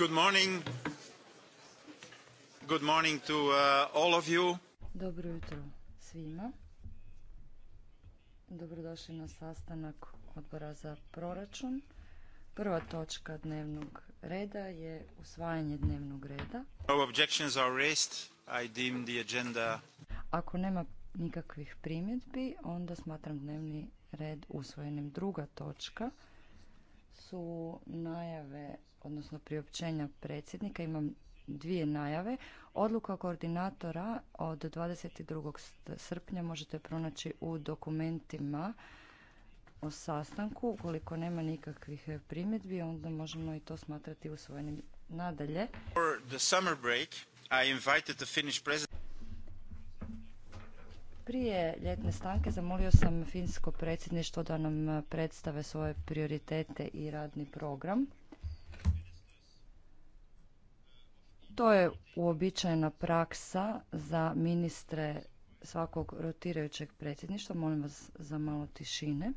Good morning. Good morning to uh, all of you. Dobro jutro svima. Dobrodošli na sastanak odbora za proračun. Prva točka dnevnog reda je usvajanje dnevnog reda. No objections are raised. I deem the agenda. Ako nema nikakvih primjedbi, onda smatram dnevni red usvojenim druga točka su najave, odnosno priopćenja predsjednika. Imam dvije najave. Odluka koordinatora od 22. srpnja možete pronaći u dokumentima o sastanku. Ukoliko nema nikakvih primjedbi, onda možemo i to smatrati usvojenim. Nadalje. Prije ljetne stanke zamolio sam finsko predsjedništvo da nam predstave svoje prioritete i radni program. To je uobičajena praksa za ministre svakog rotirajućeg predsjedništva. Molim vas za malo tišine.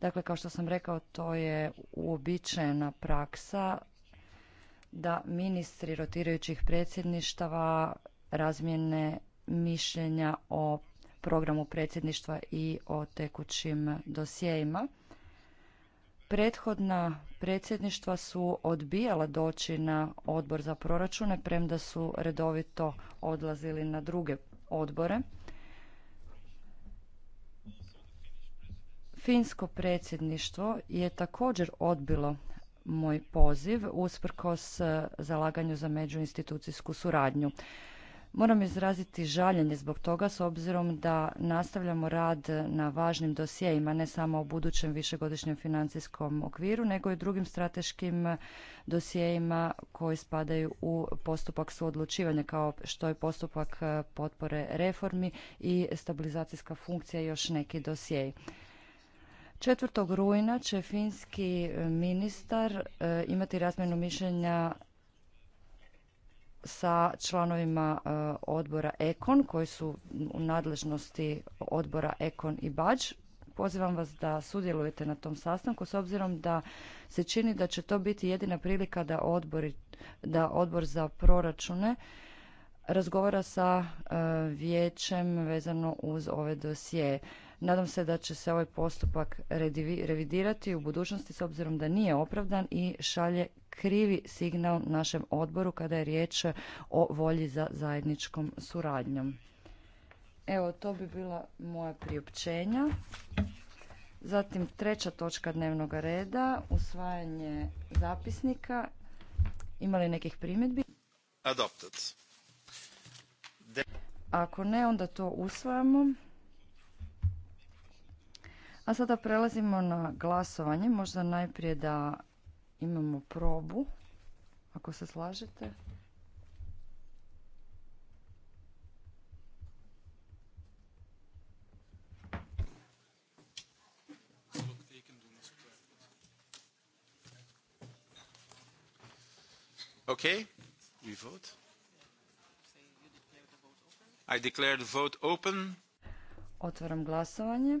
Dakle, kao što sam rekao, to je uobičajena praksa da ministri rotirajućih predsjedništava razmjene mišljenja o programu predsjedništva i o tekućim dosjejima. Prethodna predsjedništva su odbijala doći na odbor za proračune, premda su redovito odlazili na druge odbore. Finsko predsjedništvo je također odbilo moj poziv usprkos zalaganju za međuinstitucijsku suradnju. Moram izraziti žaljenje zbog toga s obzirom da nastavljamo rad na važnim dosjejima, ne samo o budućem višegodišnjem financijskom okviru, nego i drugim strateškim dosjejima koji spadaju u postupak suodlučivanja, kao što je postupak e, potpore reformi i stabilizacijska funkcija i još neki dosjeji. 4. rujna će finski ministar e, imati razmjenu mišljenja sa članovima e, odbora Ekon koji su u nadležnosti odbora Ekon i Bač. Pozivam vas da sudjelujete na tom sastanku s obzirom da se čini da će to biti jedina prilika da, odbori, da odbor za proračune razgovara sa e, vijećem vezano uz ove dosije. Nadam se da će se ovaj postupak revidirati u budućnosti s obzirom da nije opravdan i šalje krivi signal našem odboru kada je riječ o volji za zajedničkom suradnjom. Evo, to bi bila moja priopćenja. Zatim treća točka dnevnog reda, usvajanje zapisnika. Ima li nekih primjedbi? Adopted. Ako ne, onda to usvajamo. A sada prelazimo na glasovanje. Možda najprije da imamo probu, ako se slažete. Okay, vote. I declare vote open. Otvaram glasovanje.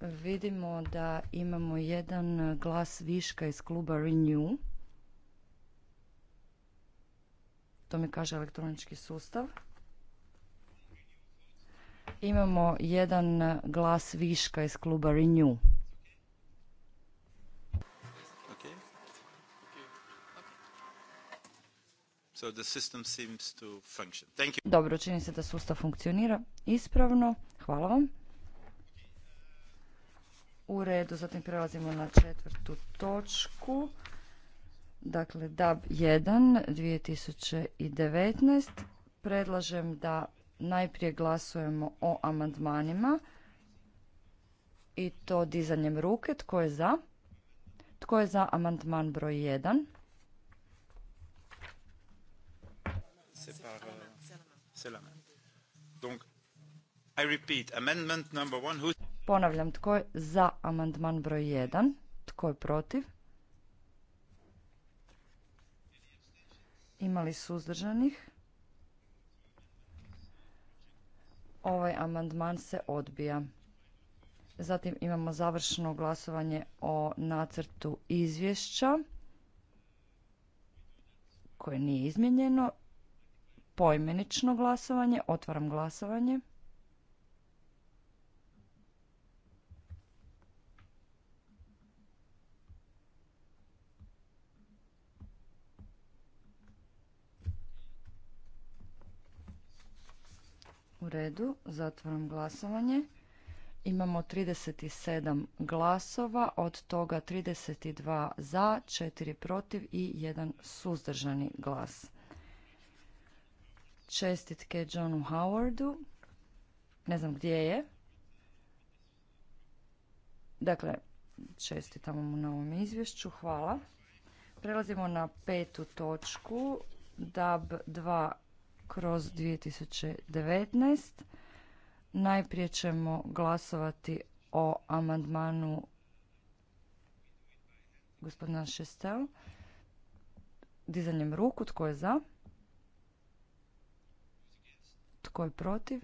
Vidimo da imamo jedan glas viška iz kluba Renew. To mi kaže elektronički sustav. Imamo jedan glas viška iz kluba Renew. Dobro, čini se da sustav funkcionira ispravno. Hvala vam. U redu, zatim prelazimo na četvrtu točku. Dakle, DAB 1 2019. Predlažem da najprije glasujemo o amandmanima i to dizanjem ruke. Tko je za? Tko je za amandman broj 1? Euh, Donc, I repeat, amendment number one, who's... Ponavljam, tko je za amandman broj 1? Tko je protiv? Imali suzdržanih? Ovaj amandman se odbija. Zatim imamo završno glasovanje o nacrtu izvješća koje nije izmijenjeno. Poimenično glasovanje. Otvaram glasovanje. U redu, zatvaram glasovanje. Imamo 37 glasova, od toga 32 za, 4 protiv i 1 suzdržani glas. Čestitke Johnu Howardu. Ne znam gdje je. Dakle, čestitamo mu na ovom izvješću. Hvala. Prelazimo na petu točku. DAB 2 kroz 2019. Najprije ćemo glasovati o amandmanu gospodina Šestel. Dizanjem ruku, tko je za? Tko je protiv?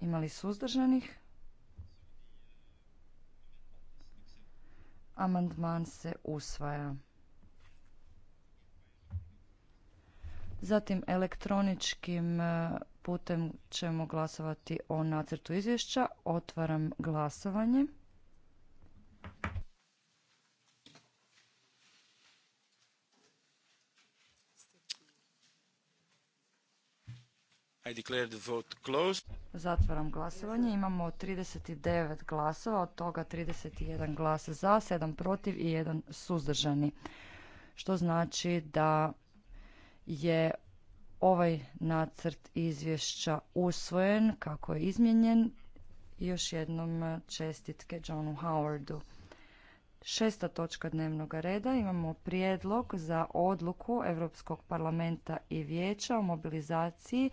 Ima li suzdržanih? Amandman se usvaja. Zatim elektroničkim e, putem ćemo glasovati o nacrtu izvješća. Otvaram glasovanje. I declare the vote closed. Zatvaram glasovanje. Imamo 39 glasova, od toga 31 glas za, 7 protiv i 1 suzdržani. Što znači da je ovaj nacrt izvješća usvojen kako je izmijenjen. Još jednom e, čestitke Johnu Howardu. Šesta točka dnevnog reda imamo prijedlog za odluku Europskog parlamenta i vijeća o mobilizaciji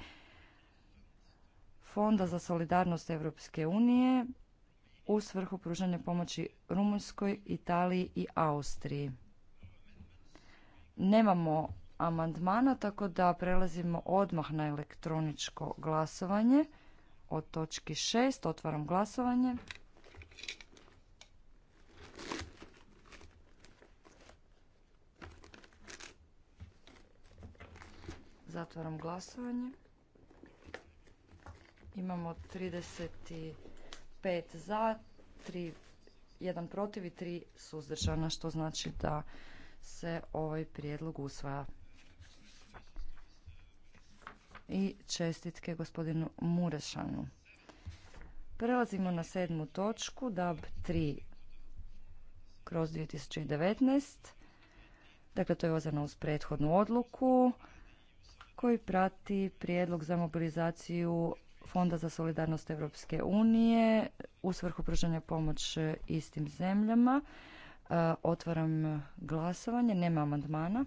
Fonda za solidarnost Europske unije u svrhu pružanja pomoći Rumunjskoj, Italiji i Austriji. Nemamo amandmana, tako da prelazimo odmah na elektroničko glasovanje od točki 6. Otvaram glasovanje. Zatvaram glasovanje. Imamo 35 za, 3, 1 protiv i 3 suzdržana, što znači da se ovaj prijedlog usvaja i čestitke gospodinu Murešanu. Prelazimo na sedmu točku, DAB 3 kroz 2019. Dakle, to je vezano uz prethodnu odluku koji prati prijedlog za mobilizaciju Fonda za solidarnost Europske unije u svrhu pružanja pomoć istim zemljama. E, otvaram glasovanje, nema amandmana.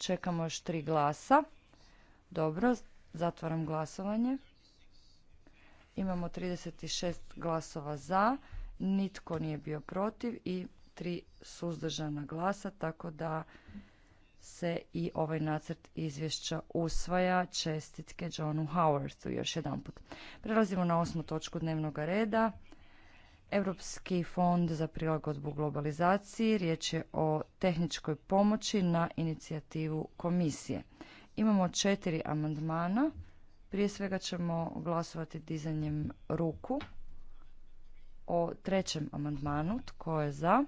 Čekamo još tri glasa. Dobro, zatvaram glasovanje. Imamo 36 glasova za, nitko nije bio protiv i tri suzdržana glasa, tako da se i ovaj nacrt izvješća usvaja. Čestitke Johnu Howardu još jedanput. Prelazimo na osmu točku dnevnog reda. Europski fond za prilagodbu globalizaciji, riječ je o tehničkoj pomoći na inicijativu komisije. Imamo četiri amandmana. Prije svega ćemo glasovati dizanjem ruku o trećem amandmanu. Tko je za?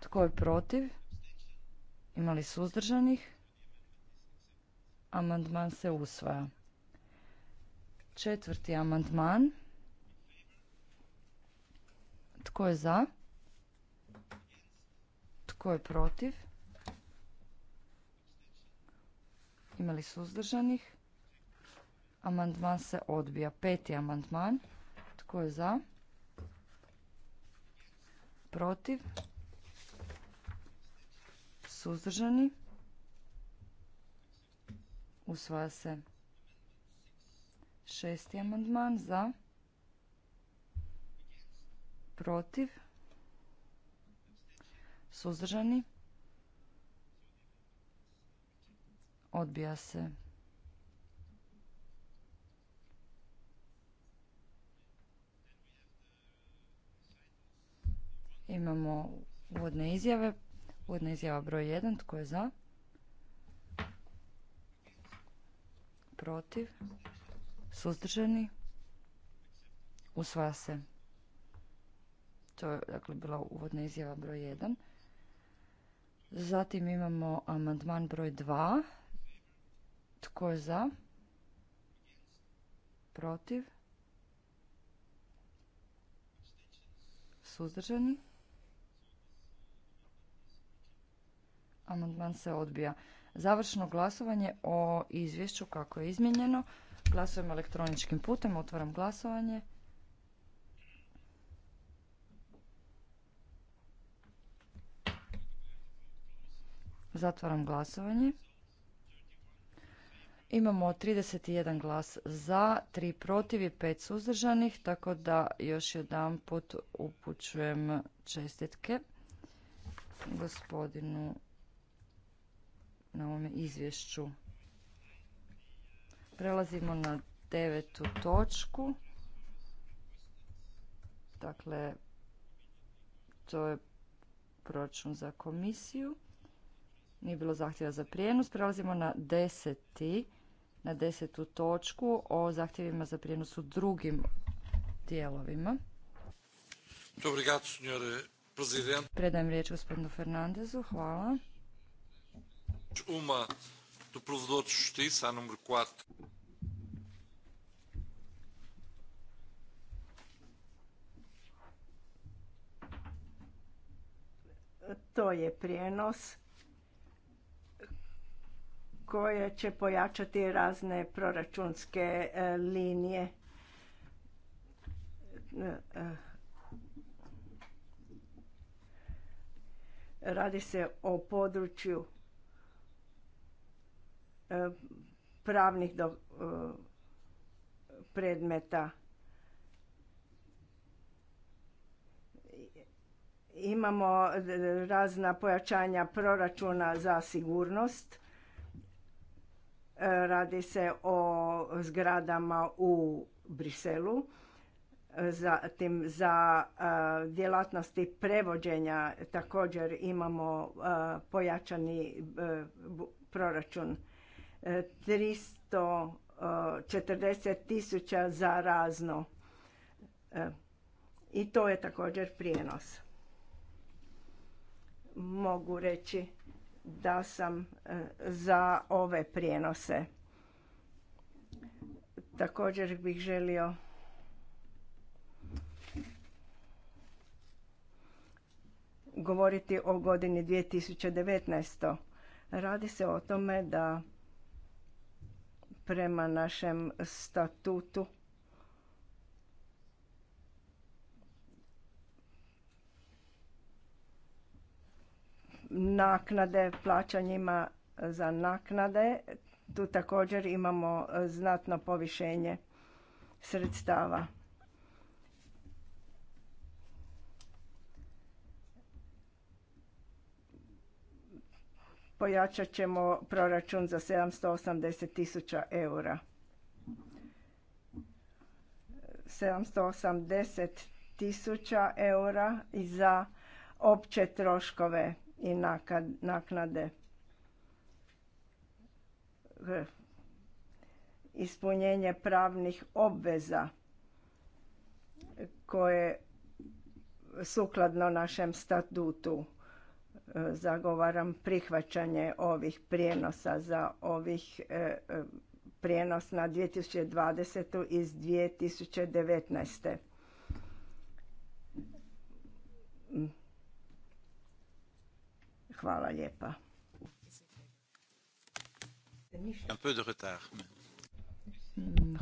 Tko je protiv? Imali suzdržanih? Amandman se usvaja. Četvrti amandman. Tko je za? Tko je protiv? Imali suzdržanih? Amandman se odbija. Peti amandman. Tko je za? Protiv? Suzdržani? Usvaja se. Šesti amandman za. Protiv. Suzdržani. Odbija se. Imamo uvodne izjave. Uvodna izjava broj 1. Tko je za? protiv, suzdržani, usvaja se. To je dakle bila uvodna izjava broj 1. Zatim imamo amandman broj 2. Tko je za? Protiv? Suzdržani? Amandman se odbija. Završno glasovanje o izvješću kako je izmijenjeno. Glasujem elektroničkim putem. Otvaram glasovanje. Zatvaram glasovanje. Imamo 31 glas za, 3 protiv i 5 suzdržanih, tako da još jedan put upućujem čestitke gospodinu na ovom izvješću. Prelazimo na devetu točku. Dakle, to je proračun za komisiju. Nije bilo zahtjeva za prijenos. Prelazimo na deseti, na desetu točku o zahtjevima za prijenos u drugim dijelovima. Predajem riječ gospodinu Fernandezu. Hvala. Uma do Provedor de Justiça, a número 4. To je prijenos koje će pojačati razne proračunske e, linije. E, e, radi se o području E, pravnih do, e, predmeta. Imamo razna pojačanja proračuna za sigurnost. E, radi se o zgradama u Briselu, zatim za djelatnosti prevođenja također imamo pojačani proračun. 340 e, tisuća za razno. E, I to je također prijenos. Mogu reći da sam e, za ove prijenose. Također bih želio govoriti o godini 2019. Radi se o tome da prema našem statutu naknade plaćanjima za naknade tu također imamo znatno povišenje sredstava pojačat ćemo proračun za 780 tisuća eura. 780 tisuća eura i za opće troškove i naknade. Ispunjenje pravnih obveza koje sukladno našem statutu E, zagovaram prihvaćanje ovih prijenosa za ovih e, e, prijenos na 2020. iz 2019. Hvala lijepa.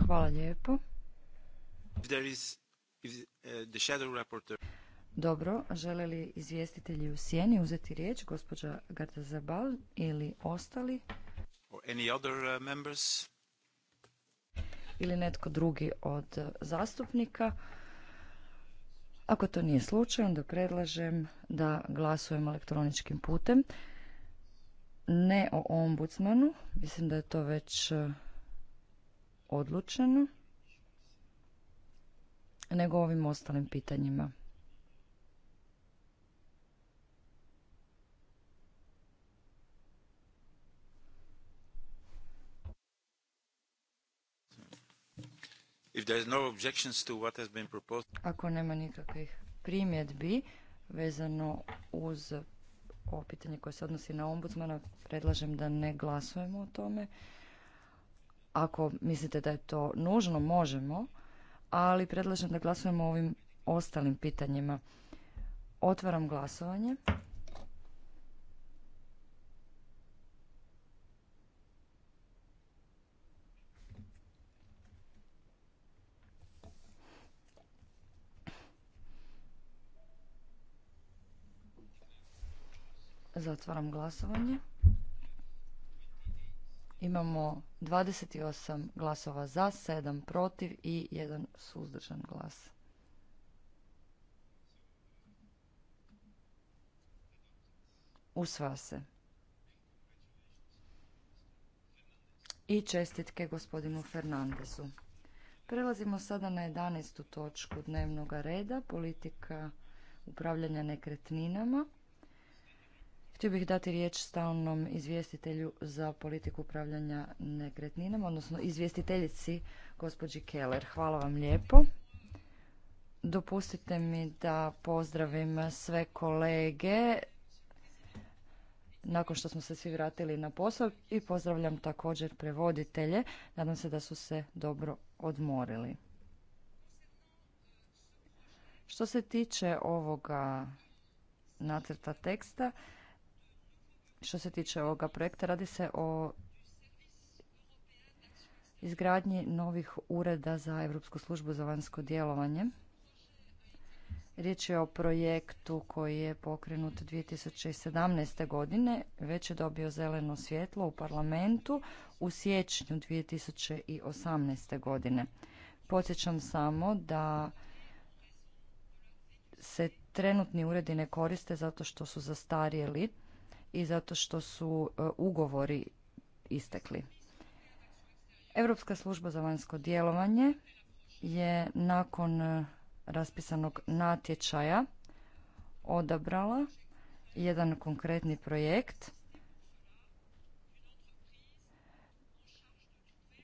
Hvala lijepo. Uh, dobro, žele li izvjestitelji u sjeni uzeti riječ, gospođa Zabal ili ostali? Uh, ili netko drugi od zastupnika? Ako to nije slučaj, onda predlažem da glasujemo elektroničkim putem. Ne o ombudsmanu, mislim da je to već uh, odlučeno, nego o ovim ostalim pitanjima. Ako nema nikakvih primjedbi vezano uz ovo pitanje koje se odnosi na ombudsmana, predlažem da ne glasujemo o tome. Ako mislite da je to nužno, možemo, ali predlažem da glasujemo o ovim ostalim pitanjima. Otvaram glasovanje. Zatvaram glasovanje. Imamo 28 glasova za, 7 protiv i 1 suzdržan glas. Usva se. I čestitke gospodinu Fernandezu. Prelazimo sada na 11. točku dnevnog reda, politika upravljanja nekretninama. Htio bih dati riječ stalnom izvjestitelju za politiku upravljanja nekretninama, odnosno izvjestiteljici gospođi Keller. Hvala vam lijepo. Dopustite mi da pozdravim sve kolege nakon što smo se svi vratili na posao i pozdravljam također prevoditelje. Nadam se da su se dobro odmorili. Što se tiče ovoga nacrta teksta, što se tiče ovoga projekta. Radi se o izgradnji novih ureda za Europsku službu za vanjsko djelovanje. Riječ je o projektu koji je pokrenut 2017. godine, već je dobio zeleno svjetlo u parlamentu u siječnju 2018. godine. Podsjećam samo da se trenutni uredi ne koriste zato što su zastarjeli i zato što su e, ugovori istekli. Europska služba za vanjsko djelovanje je nakon e, raspisanog natječaja odabrala jedan konkretni projekt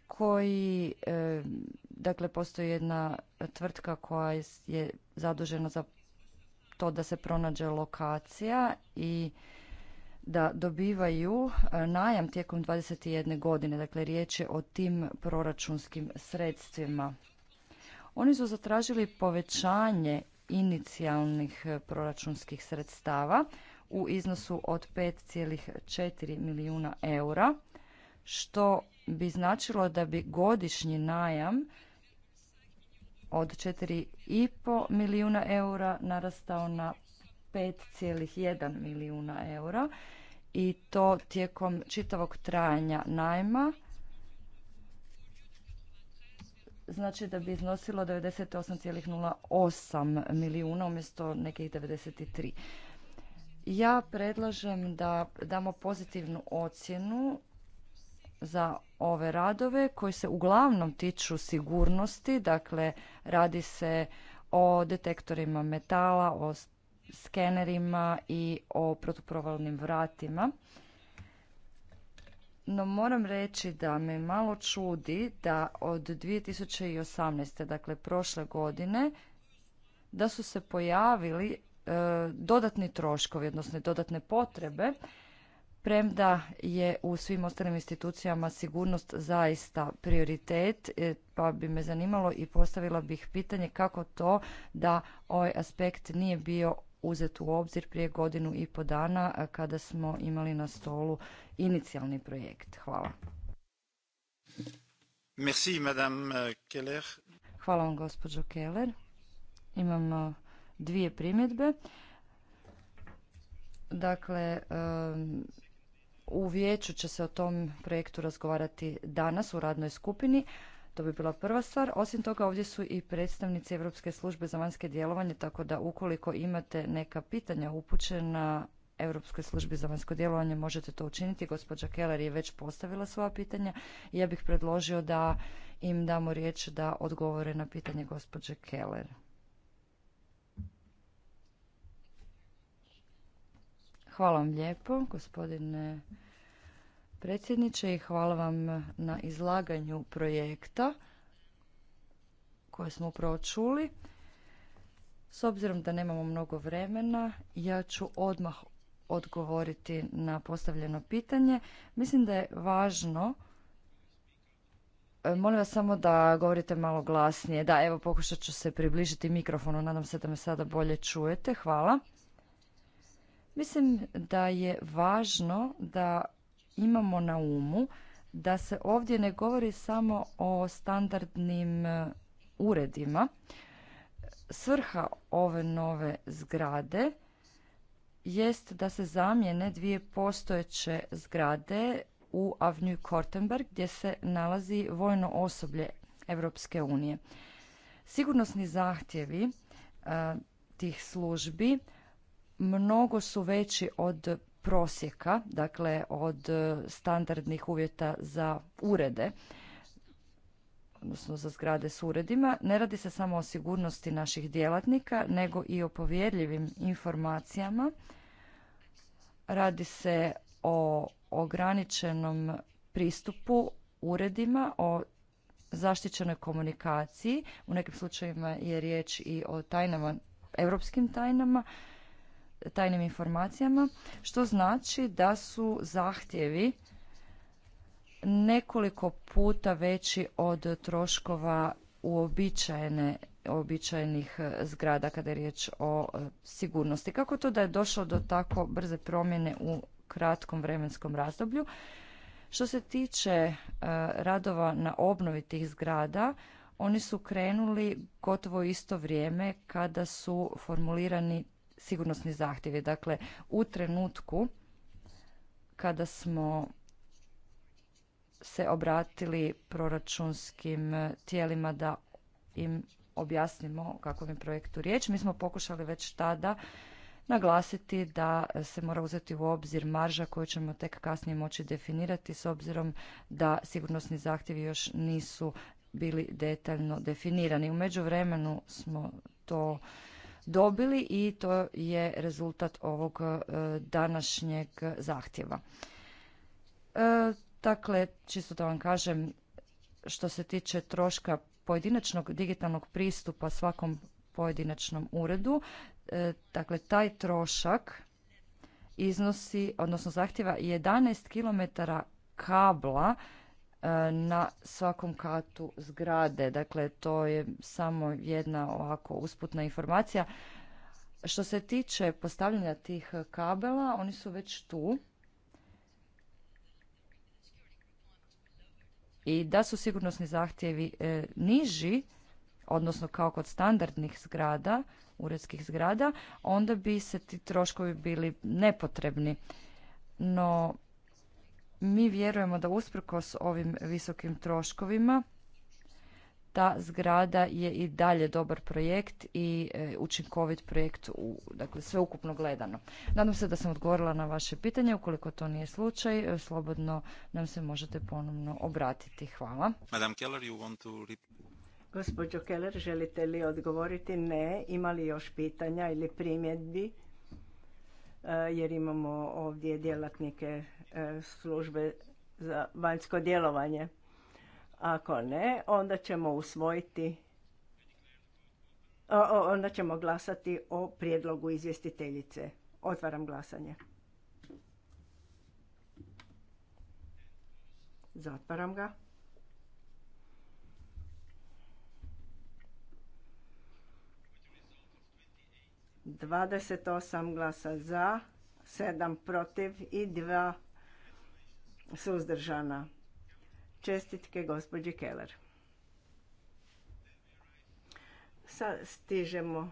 koji e, dakle postoji jedna tvrtka koja je zadužena za to da se pronađe lokacija i da dobivaju e, najam tijekom 21 godine. Dakle, riječ je o tim proračunskim sredstvima. Oni su zatražili povećanje inicijalnih e, proračunskih sredstava u iznosu od 5,4 milijuna eura, što bi značilo da bi godišnji najam od 4,5 milijuna eura narastao na 5,1 milijuna eura i to tijekom čitavog trajanja najma znači da bi iznosilo 98,08 milijuna umjesto nekih 93. Ja predlažem da damo pozitivnu ocjenu za ove radove koji se uglavnom tiču sigurnosti, dakle radi se o detektorima metala, o skenerima i o protuprovalnim vratima. No moram reći da me malo čudi da od 2018. dakle prošle godine da su se pojavili e, dodatni troškovi, odnosno dodatne potrebe premda je u svim ostalim institucijama sigurnost zaista prioritet, e, pa bi me zanimalo i postavila bih pitanje kako to da ovaj aspekt nije bio uzet u obzir prije godinu i po dana kada smo imali na stolu inicijalni projekt. Hvala. Merci, madame euh, Keller. Hvala vam, gospođo Keller. Imamo dvije primjedbe. Dakle, u vijeću će se o tom projektu razgovarati danas u radnoj skupini, to bi bila prva stvar. Osim toga ovdje su i predstavnici Europske službe za vanjske djelovanje, tako da ukoliko imate neka pitanja upućena Europskoj službi za vanjsko djelovanje možete to učiniti. Gospođa Keller je već postavila svoja pitanja ja bih predložio da im damo riječ da odgovore na pitanje gospođe Keller. Hvala vam lijepo, gospodine predsjedniče i hvala vam na izlaganju projekta koje smo upravo čuli. S obzirom da nemamo mnogo vremena, ja ću odmah odgovoriti na postavljeno pitanje. Mislim da je važno e, Molim vas samo da govorite malo glasnije. Da, evo pokušat ću se približiti mikrofonu. Nadam se da me sada bolje čujete. Hvala. Mislim da je važno da imamo na umu da se ovdje ne govori samo o standardnim e, uredima. Svrha ove nove zgrade jest da se zamijene dvije postojeće zgrade u Avnju Kortenberg gdje se nalazi vojno osoblje Europske unije. Sigurnosni zahtjevi e, tih službi mnogo su veći od prosjeka, dakle od e, standardnih uvjeta za urede, odnosno za zgrade s uredima. Ne radi se samo o sigurnosti naših djelatnika, nego i o povjerljivim informacijama. Radi se o ograničenom pristupu uredima, o zaštićenoj komunikaciji. U nekim slučajevima je riječ i o tajnama, europskim tajnama tajnim informacijama, što znači da su zahtjevi nekoliko puta veći od troškova uobičajene običajnih zgrada kada je riječ o e, sigurnosti. Kako to da je došlo do tako brze promjene u kratkom vremenskom razdoblju? Što se tiče e, radova na obnovi tih zgrada, oni su krenuli gotovo isto vrijeme kada su formulirani sigurnosni zahtjevi. Dakle, u trenutku kada smo se obratili proračunskim tijelima da im objasnimo kakvom je projektu riječ. Mi smo pokušali već tada naglasiti da se mora uzeti u obzir marža koju ćemo tek kasnije moći definirati s obzirom da sigurnosni zahtjevi još nisu bili detaljno definirani. U međuvremenu smo to dobili i to je rezultat ovog e, današnjeg zahtjeva. E, dakle, čisto da vam kažem, što se tiče troška pojedinačnog digitalnog pristupa svakom pojedinačnom uredu, e, dakle taj trošak iznosi, odnosno zahtjeva 11 km kabla E, na svakom katu zgrade. Dakle, to je samo jedna ovako usputna informacija. Što se tiče postavljanja tih kabela, oni su već tu. I da su sigurnosni zahtjevi e, niži, odnosno kao kod standardnih zgrada, uredskih zgrada, onda bi se ti troškovi bili nepotrebni. No, mi vjerujemo da usprkos ovim visokim troškovima ta zgrada je i dalje dobar projekt i e, učinkovit projekt u, dakle sveukupno gledano. Nadam se da sam odgovorila na vaše pitanje. Ukoliko to nije slučaj, e, slobodno nam se možete ponovno obratiti. Hvala. Madam Keller, Gospođo Keller, želite li odgovoriti? Ne. Ima li još pitanja ili primjedbi? E, jer imamo ovdje djelatnike E, službe za vanjsko djelovanje? Ako ne, onda ćemo usvojiti onda ćemo glasati o prijedlogu izvjestiteljice. Otvaram glasanje. Zatvaram ga. Dvadeset osam glasa za, sedam protiv i dva suzdržana. Čestitke gospođi Keller. Sad stižemo,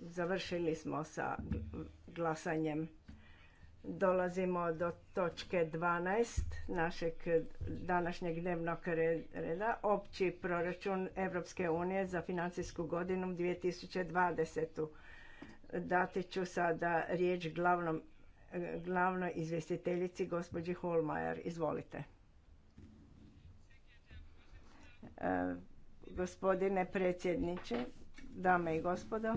završili smo sa glasanjem. Dolazimo do točke 12 našeg današnjeg dnevnog reda, opći proračun Europske unije za financijsku godinu 2020. Dati ću sada riječ glavnom glavnoj izvjestiteljici gospođi Holmajer. Izvolite. E, gospodine predsjedniče, dame i gospodo,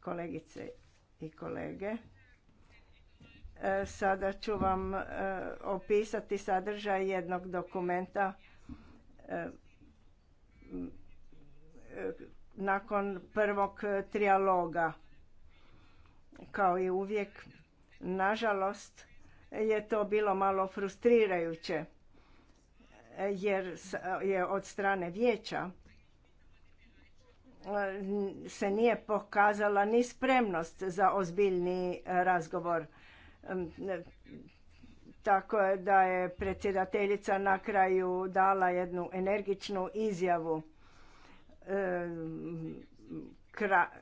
kolegice i kolege, e, sada ću vam e, opisati sadržaj jednog dokumenta nakon prvog trijaloga kao i uvijek, nažalost, je to bilo malo frustrirajuće jer je od strane vijeća e, se nije pokazala ni spremnost za ozbiljni razgovor. Tako da je predsjedateljica na kraju dala jednu energičnu izjavu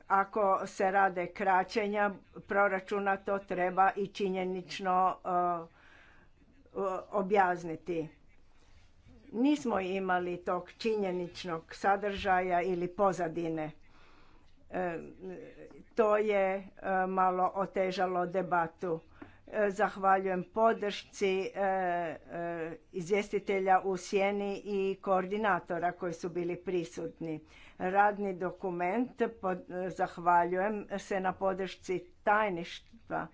ako se rade kraćenja proračuna, to treba i činjenično e, objasniti. Nismo imali tog činjeničnog sadržaja ili pozadine. E, to je e, malo otežalo debatu. E, zahvaljujem podršci e, e, izvjestitelja u sjeni i koordinatora koji su bili prisutni. Radni dokument zahvaljujem se na podršci tajništva.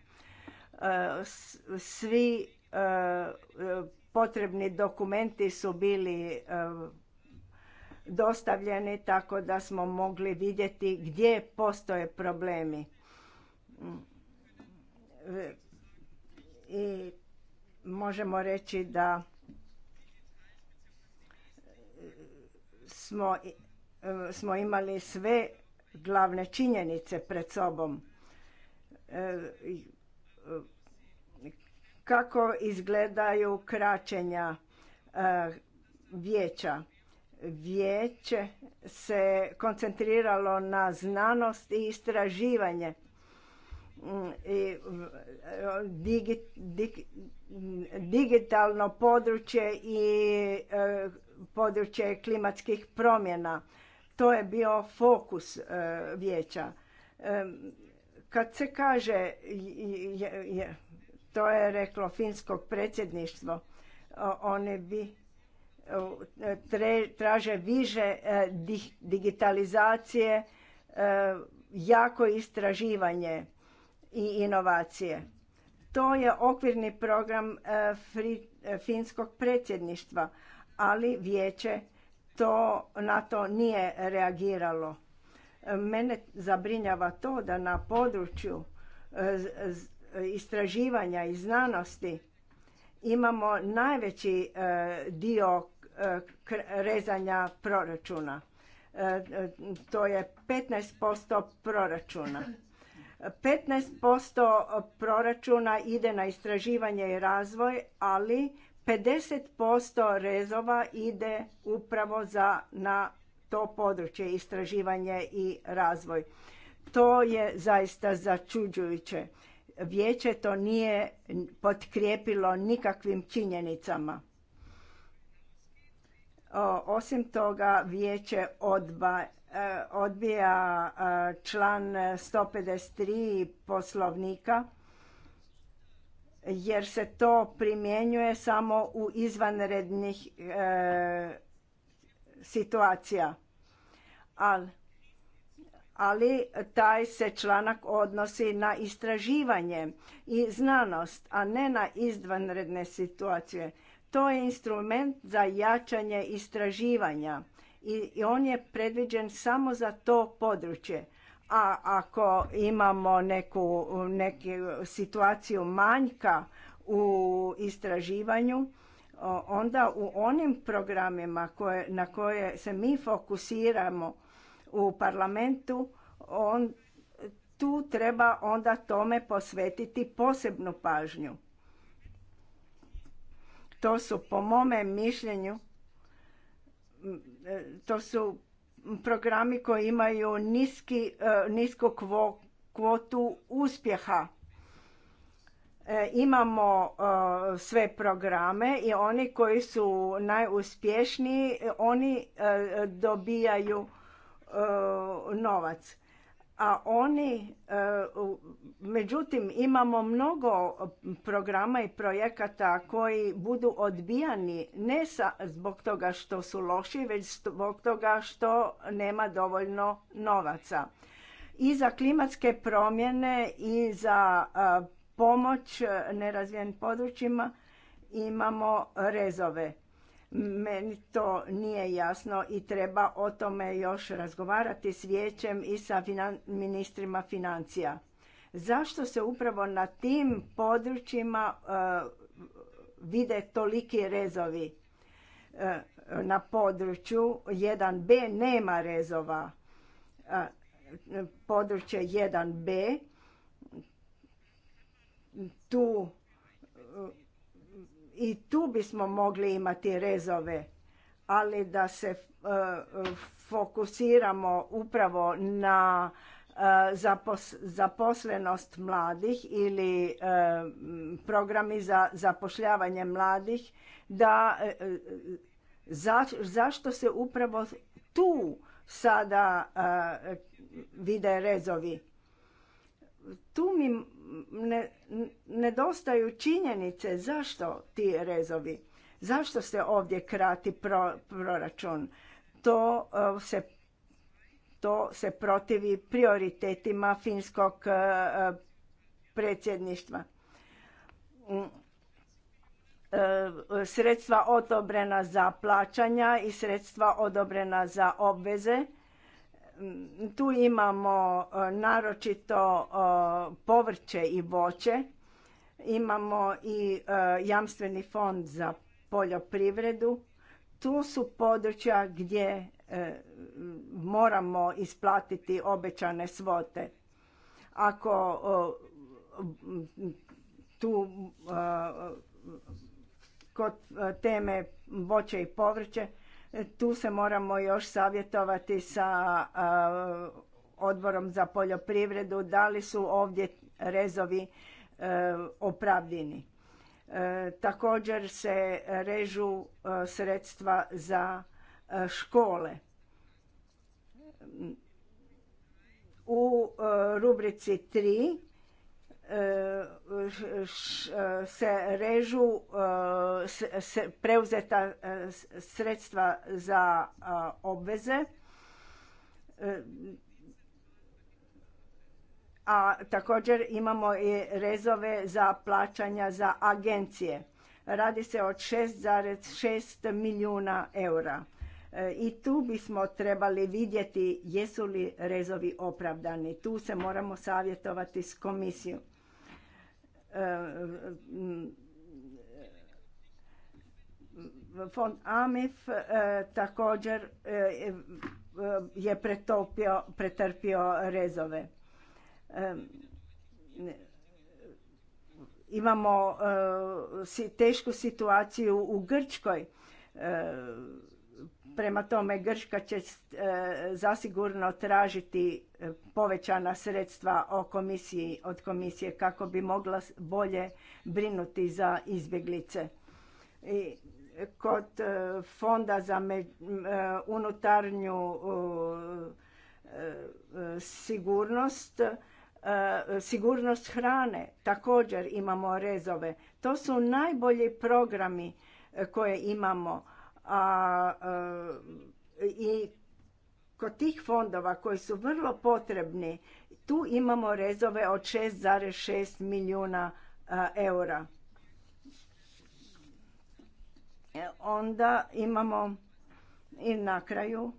Svi potrebni dokumenti su bili dostavljeni tako da smo mogli vidjeti gdje postoje problemi i možemo reći da e, smo, imali sve glavne činjenice pred sobom. E, kako izgledaju kraćenja e, vijeća? Vijeće se koncentriralo na znanost i istraživanje Mm, mm, mm, digitalno područje i e, područje klimatskih promjena. To je bio fokus e, vijeća. E, kad se kaže, to je reklo finskog predsjedništvo, one bi traže više digitalizacije, jako istraživanje i inovacije. To je okvirni program e, e, finskog predsjedništva, ali vijeće to, na to nije reagiralo. E, mene zabrinjava to da na području istraživanja i znanosti imamo najveći dio rezanja proračuna. To je 15% proračuna. 15% proračuna ide na istraživanje i razvoj, ali 50% rezova ide upravo za na to područje istraživanje i razvoj. To je zaista začuđujuće. Vijeće to nije potkrijepilo nikakvim činjenicama. Osim toga, vijeće odba E, odbija e, član 153 poslovnika jer se to primjenjuje samo u izvanrednih e, situacija. ali taj se članak odnosi na istraživanje i znanost, a ne na izvanredne situacije. To je instrument za jačanje istraživanja i on je predviđen samo za to područje. A ako imamo neku, situaciju manjka u istraživanju, onda u onim programima koje, na koje se mi fokusiramo u parlamentu, on, tu treba onda tome posvetiti posebnu pažnju. To su po mome mišljenju to su programi koji imaju niski, e, nisku kvotu uspjeha. E, imamo e, sve programe i oni koji su najuspješniji, oni dobijaju novac a oni, e, međutim, imamo mnogo programa i projekata koji budu odbijani ne zbog toga što su loši, već zbog toga što nema dovoljno novaca. I za klimatske promjene i za e, pomoć nerazvijenim područjima imamo rezove. Meni to nije jasno i treba o tome još razgovarati s vijećem i sa ministrima financija. Zašto se upravo na tim područjima e, vide toliki rezovi? E, na području 1B nema rezova. E, područje 1B tu i tu bismo mogli imati rezove, ali da se e, fokusiramo upravo na e, zaposlenost mladih ili e, programi za zapošljavanje mladih, da zašto se upravo tu sada vide rezovi tu mi ne, nedostaju činjenice zašto ti rezovi, zašto se ovdje krati proračun. To e, se to se protivi prioritetima finskog e, predsjedništva. E, sredstva odobrena za plaćanja i sredstva odobrena za obveze tu imamo e, naročito e, povrće i voće, imamo i e, jamstveni fond za poljoprivredu. Tu su područja gdje moramo isplatiti obećane svote. Ako tu kod teme voće i povrće tu se moramo još savjetovati sa odborom za poljoprivredu, da li su ovdje rezovi e, opravdini. E, također se režu e, sredstva za škole. U rubrici tri se režu preuzeta sredstva za obveze a također imamo i rezove za plaćanja za agencije. Radi se o 6,6 milijuna eura. E, I tu bismo trebali vidjeti jesu li rezovi opravdani. Tu se moramo savjetovati s komisijom. Fond eh, Amif eh, također eh, je pretopio, pretrpio rezove. Imamo tešku situaciju u Grčkoj Prema tome, Grška će e, zasigurno tražiti e, povećana sredstva komisiji, od komisije kako bi mogla bolje brinuti za izbjeglice. I kod e, fonda za unutarnju sigurnost, sigurnost hrane također imamo rezove. To su najbolji programi koje imamo a e, i kod tih fondova koji su vrlo potrebni tu imamo rezove od 6,6 milijuna e, eura. E, onda imamo i na kraju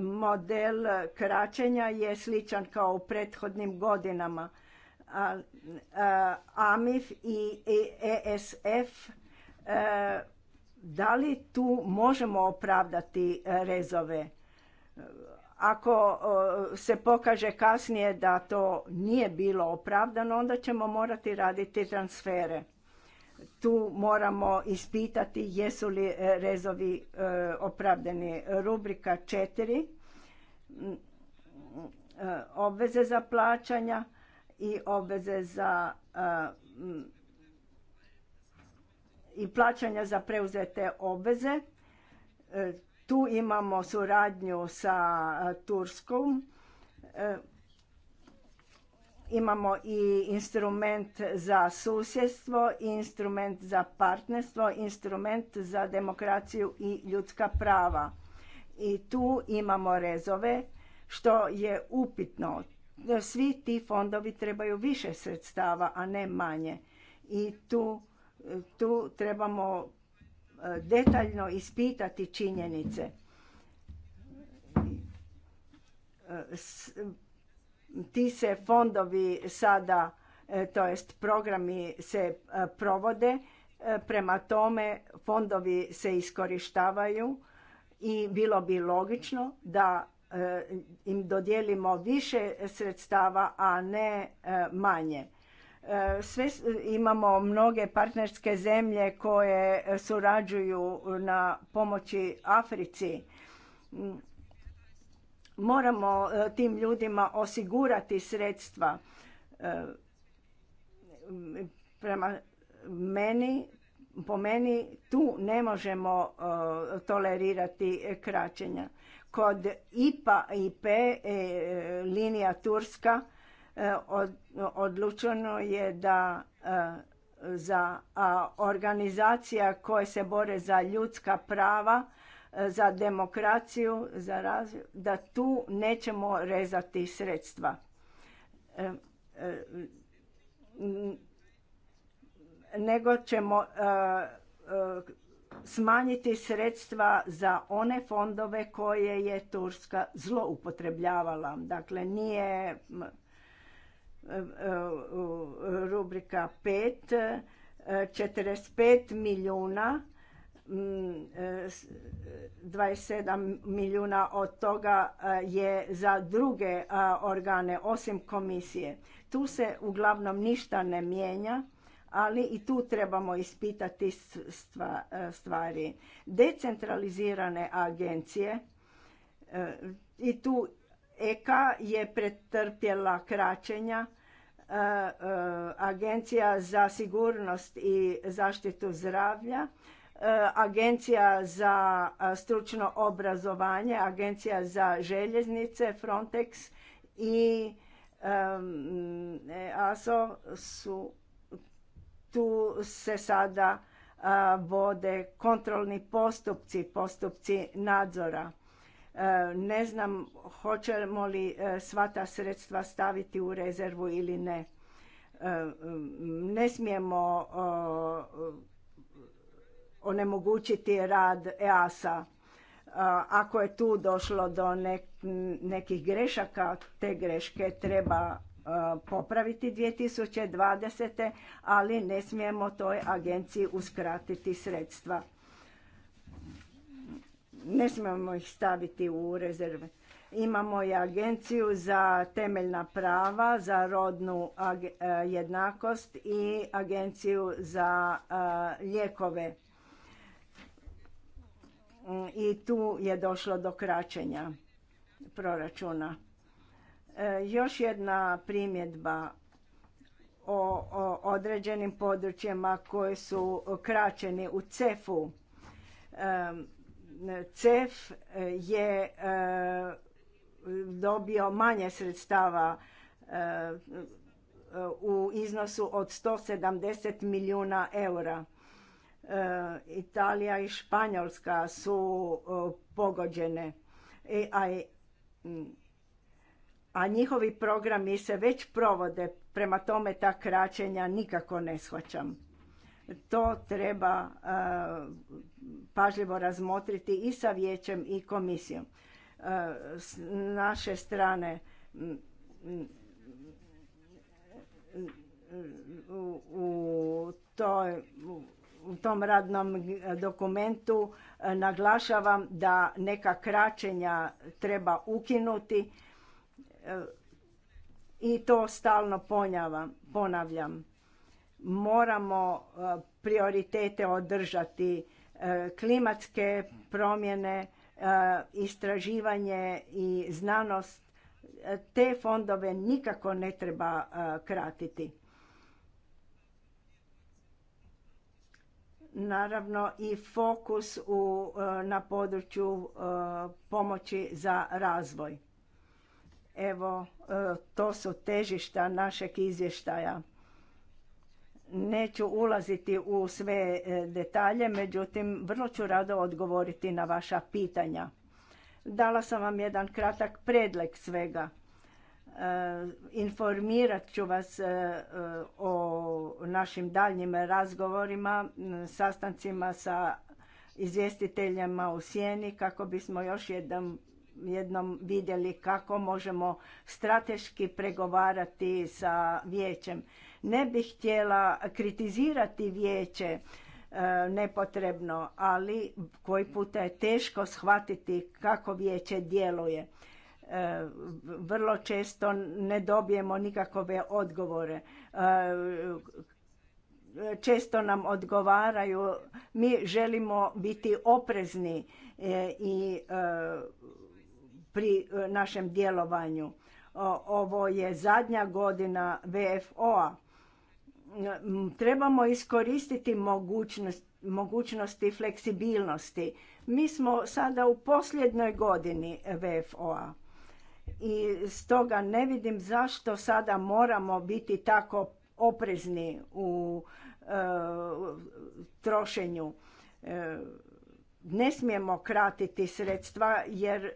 model kraćenja je sličan kao u prethodnim godinama AMIF i ESF, e e, da li tu možemo opravdati rezove? Ako se pokaže kasnije da to nije bilo opravdano, onda ćemo morati raditi transfere. Tu moramo ispitati jesu li e, rezovi opravdani. Rubrika 4, obveze za plaćanja i obveze za e, i plaćanja za preuzete obveze. E, tu imamo suradnju sa e, Turskom. Imamo i instrument za susjedstvo, instrument za partnerstvo, instrument za demokraciju i ljudska prava. I tu imamo rezove što je upitno svi ti fondovi trebaju više sredstava, a ne manje. I tu, tu trebamo e, detaljno ispitati činjenice. E, ti se fondovi sada, e, to jest programi se provode, prema tome fondovi se iskorištavaju i bilo bi logično da Eh, im dodijelimo više sredstava, a ne eh, manje. Eh, sve imamo mnoge partnerske zemlje koje surađuju na pomoći Africi. Moramo tim ljudima osigurati sredstva. Prema meni, po meni tu ne možemo tolerirati kraćenja Kod IPA IP e, linija Turska e, odlučeno je da e, za organizacija koje se bore za ljudska prava, za demokraciju, za da tu nećemo rezati sredstva. Nego ćemo smanjiti sredstva za one fondove koje je Turska zloupotrebljavala. Dakle, nije e, e, e, rubrika 5, 45 milijuna 27 milijuna od toga je za druge organe osim komisije. Tu se uglavnom ništa ne mijenja ali i tu trebamo ispitati e, stvari. Decentralizirane agencije e, i tu EKA je pretrpjela kraćenja e, Agencija za sigurnost i zaštitu zdravlja, Agencija za stručno obrazovanje, Agencija za željeznice, Frontex i ASO su tu se sada vode kontrolni postupci, postupci nadzora. E, ne znam hoćemo li e, sva ta sredstva staviti u rezervu ili ne. E, ne smijemo onemogućiti rad EASA. Ako je tu došlo do nekih grešaka, te greške treba E, popraviti 2020. ali ne smijemo toj agenciji uskratiti sredstva. Ne smijemo ih staviti u rezerve. Imamo i agenciju za temeljna prava, za rodnu e, jednakost i agenciju za e, lijekove. I tu je došlo do kraćenja proračuna. E, još jedna primjedba o, određenim područjima koji su kraćeni u CEF-u. CEF je e, dobio manje sredstava e, u iznosu od 170 milijuna eura. Italija i Španjolska su pogođene a njihovi programi se već provode, prema tome ta kraćenja nikako ne shvaćam. To treba e, pažljivo razmotriti i sa vijećem i komisijom. E, s naše strane u, u, u tom radnom dokumentu e, naglašavam da neka kraćenja treba ukinuti i to stalno ponavljam. Moramo e, prioritete održati e, klimatske promjene, e, istraživanje i znanost. Te fondove nikako ne treba kratiti. Naravno i fokus u, na području pomoći za razvoj. Evo, e, to su težišta našeg izvještaja. Neću ulaziti u sve e, detalje, međutim, vrlo ću rado odgovoriti na vaša pitanja. Dala sam vam jedan kratak predlek svega. E, informirat ću vas o našim daljnjim razgovorima, sastancima sa izvjestiteljima u sjeni kako bismo još jednom jednom vidjeli kako možemo strateški pregovarati sa vijećem. Ne bih htjela kritizirati vijeće e, nepotrebno, ali koji puta je teško shvatiti kako vijeće djeluje. E, vrlo često ne dobijemo nikakove odgovore. E, često nam odgovaraju, mi želimo biti oprezni i pri e, našem djelovanju. Ovo je zadnja godina VFO-a. Trebamo iskoristiti mogućnosti fleksibilnosti. Mi smo sada u posljednoj godini VFO-a i stoga ne vidim zašto sada moramo biti tako oprezni u e, trošenju. E, ne smijemo kratiti sredstva jer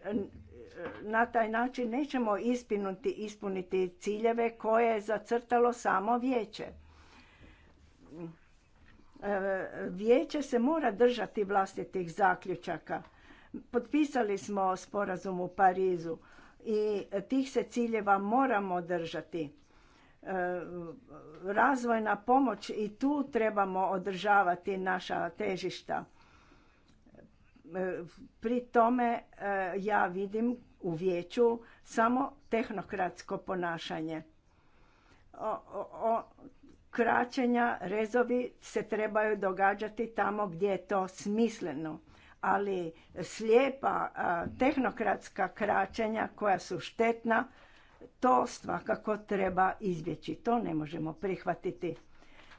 na taj način nećemo ispinuti, ispuniti ciljeve koje je zacrtalo samo vijeće. E, vijeće se mora držati vlastitih zaključaka. Potpisali smo sporazum u Parizu i tih se ciljeva moramo držati. E, razvojna pomoć i tu trebamo održavati naša težišta e, pri tome ja vidim u vijeću samo tehnokratsko ponašanje. O, o, kraćenja, rezovi se trebaju događati tamo gdje je to smisleno. Ali slijepa tehnokratska kraćenja koja su štetna, to svakako treba izbjeći. To ne možemo prihvatiti.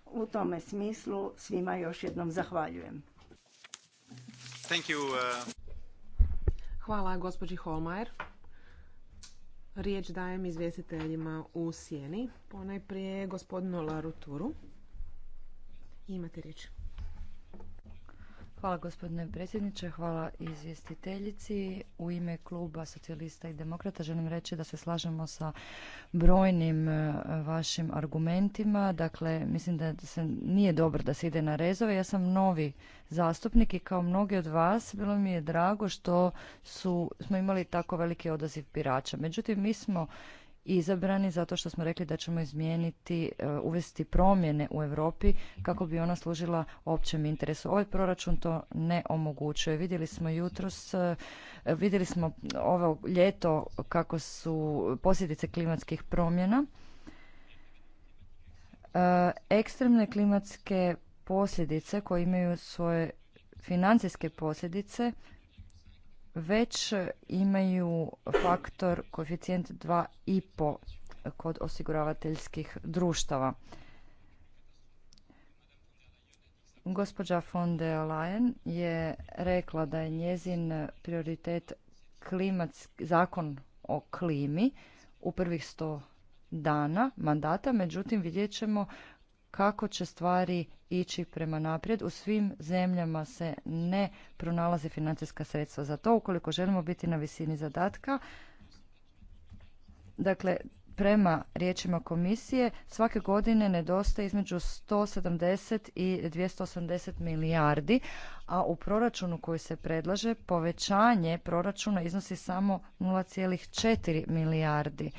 U tome smislu svima još jednom zahvaljujem. Thank you, uh, Hvala gospođi Holmajer. Riječ dajem izvjestiteljima u sjeni. Ponajprije gospodinu Laruturu. Imate riječ. Hvala gospodine predsjedniče, hvala izvjestiteljici. U ime kluba socijalista i demokrata želim reći da se slažemo sa brojnim e, vašim argumentima. Dakle, mislim da se nije dobro da se ide na rezove. Ja sam novi zastupnik i kao mnogi od vas bilo mi je drago što su, smo imali tako veliki odaziv birača. Međutim, mi smo izabrani zato što smo rekli da ćemo izmijeniti, e, uvesti promjene u Europi kako bi ona služila općem interesu. Ovaj proračun to ne omogućuje. Vidjeli smo jutros, e, vidjeli smo ovo ljeto kako su posljedice klimatskih promjena. E, ekstremne klimatske posljedice koje imaju svoje financijske posljedice već imaju faktor koeficijent 2,5 kod osiguravateljskih društava. Gospođa von der Leyen je rekla da je njezin prioritet klimatski, zakon o klimi u prvih 100 dana mandata, međutim vidjet ćemo kako će stvari ići prema naprijed. U svim zemljama se ne pronalaze financijska sredstva za to. Ukoliko želimo biti na visini zadatka, dakle, prema riječima komisije, svake godine nedostaje između 170 i 280 milijardi, a u proračunu koji se predlaže povećanje proračuna iznosi samo 0,4 milijardi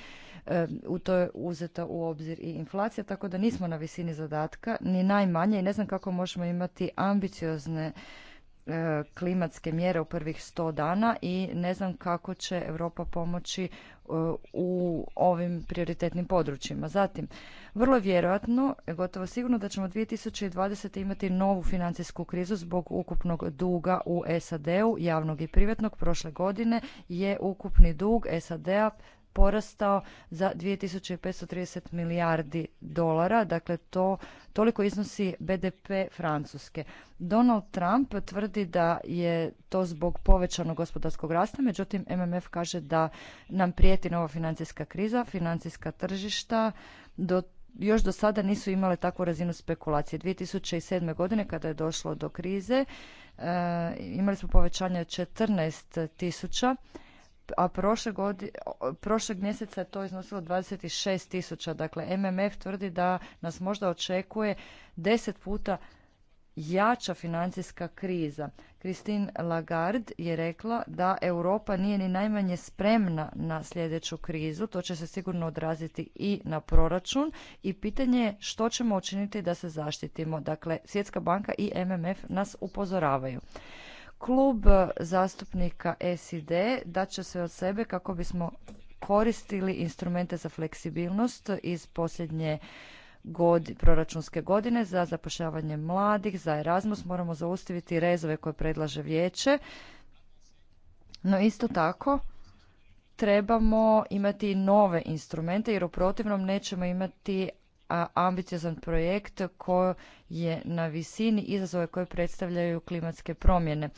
u to je uzeta u obzir i inflacija, tako da nismo na visini zadatka, ni najmanje i ne znam kako možemo imati ambiciozne e, klimatske mjere u prvih sto dana i ne znam kako će Europa pomoći e, u ovim prioritetnim područjima. Zatim, vrlo vjerojatno, gotovo sigurno da ćemo 2020. imati novu financijsku krizu zbog ukupnog duga u SAD-u, javnog i privatnog. Prošle godine je ukupni dug SAD-a porastao za 2530 milijardi dolara, dakle to toliko iznosi BDP Francuske. Donald Trump tvrdi da je to zbog povećanog gospodarskog rasta, međutim MMF kaže da nam prijeti nova financijska kriza, financijska tržišta do još do sada nisu imale takvu razinu spekulacije. 2007. godine kada je došlo do krize e, imali smo povećanje 14 tisuća a prošle prošlog mjeseca je to iznosilo 26 tisuća. Dakle, MMF tvrdi da nas možda očekuje deset puta jača financijska kriza. Christine Lagarde je rekla da Europa nije ni najmanje spremna na sljedeću krizu. To će se sigurno odraziti i na proračun i pitanje je što ćemo učiniti da se zaštitimo. Dakle, Svjetska banka i MMF nas upozoravaju. Klub zastupnika SID dat će sve od sebe kako bismo koristili instrumente za fleksibilnost iz posljednje proračunske godine za zapošljavanje mladih, za Erasmus. Moramo zaustaviti rezove koje predlaže vijeće. No isto tako trebamo imati nove instrumente jer u protivnom nećemo imati ambiciozan projekt koji je na visini izazove koje predstavljaju klimatske promjene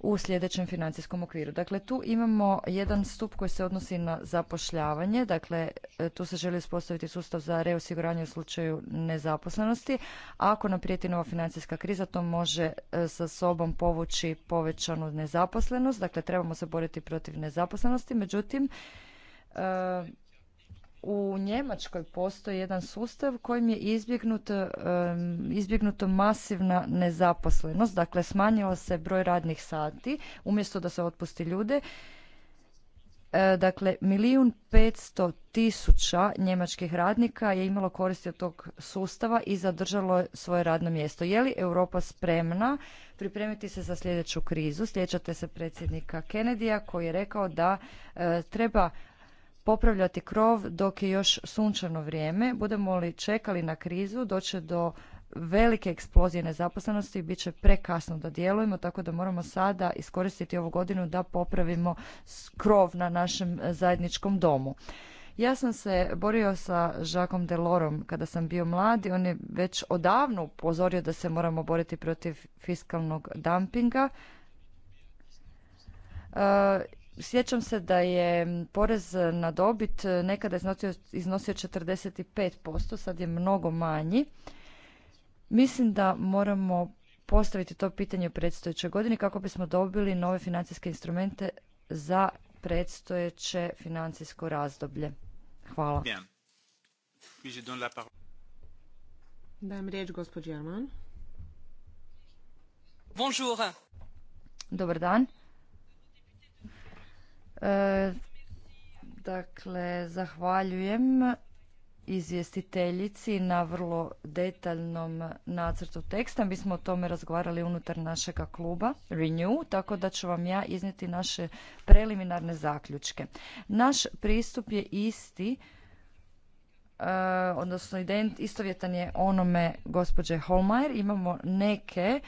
u sljedećem financijskom okviru. Dakle, tu imamo jedan stup koji se odnosi na zapošljavanje, dakle tu se želi uspostaviti sustav za reosiguranje u slučaju nezaposlenosti. Ako nam prijeti nova financijska kriza, to može e, sa sobom povući povećanu nezaposlenost, dakle trebamo se boriti protiv nezaposlenosti, međutim, e, u Njemačkoj postoji jedan sustav kojim je izbjegnuto, izbjegnuto masivna nezaposlenost, dakle smanjilo se broj radnih sati umjesto da se otpusti ljude. E, dakle, milijun petsto tisuća njemačkih radnika je imalo koristi od tog sustava i zadržalo svoje radno mjesto. Je li Europa spremna pripremiti se za sljedeću krizu? Sjećate se predsjednika Kenedija koji je rekao da e, treba popravljati krov dok je još sunčano vrijeme. Budemo li čekali na krizu, doće do velike eksplozije nezaposlenosti i bit će prekasno da djelujemo, tako da moramo sada iskoristiti ovu godinu da popravimo krov na našem zajedničkom domu. Ja sam se borio sa Žakom Delorom kada sam bio mladi. On je već odavno upozorio da se moramo boriti protiv fiskalnog dumpinga. E, Sjećam se da je porez na dobit nekada iznosio, iznosio 45%, sad je mnogo manji. Mislim da moramo postaviti to pitanje u predstojećoj godini kako bismo dobili nove financijske instrumente za predstojeće financijsko razdoblje. Hvala. Dajem riječ gospođi Arman. Bonjour. Dobar dan. E, dakle, zahvaljujem izvjestiteljici na vrlo detaljnom nacrtu teksta. Mi smo o tome razgovarali unutar našega kluba Renew, tako da ću vam ja iznijeti naše preliminarne zaključke. Naš pristup je isti, e, odnosno ident, istovjetan je onome gospođe Holmajer. Imamo neke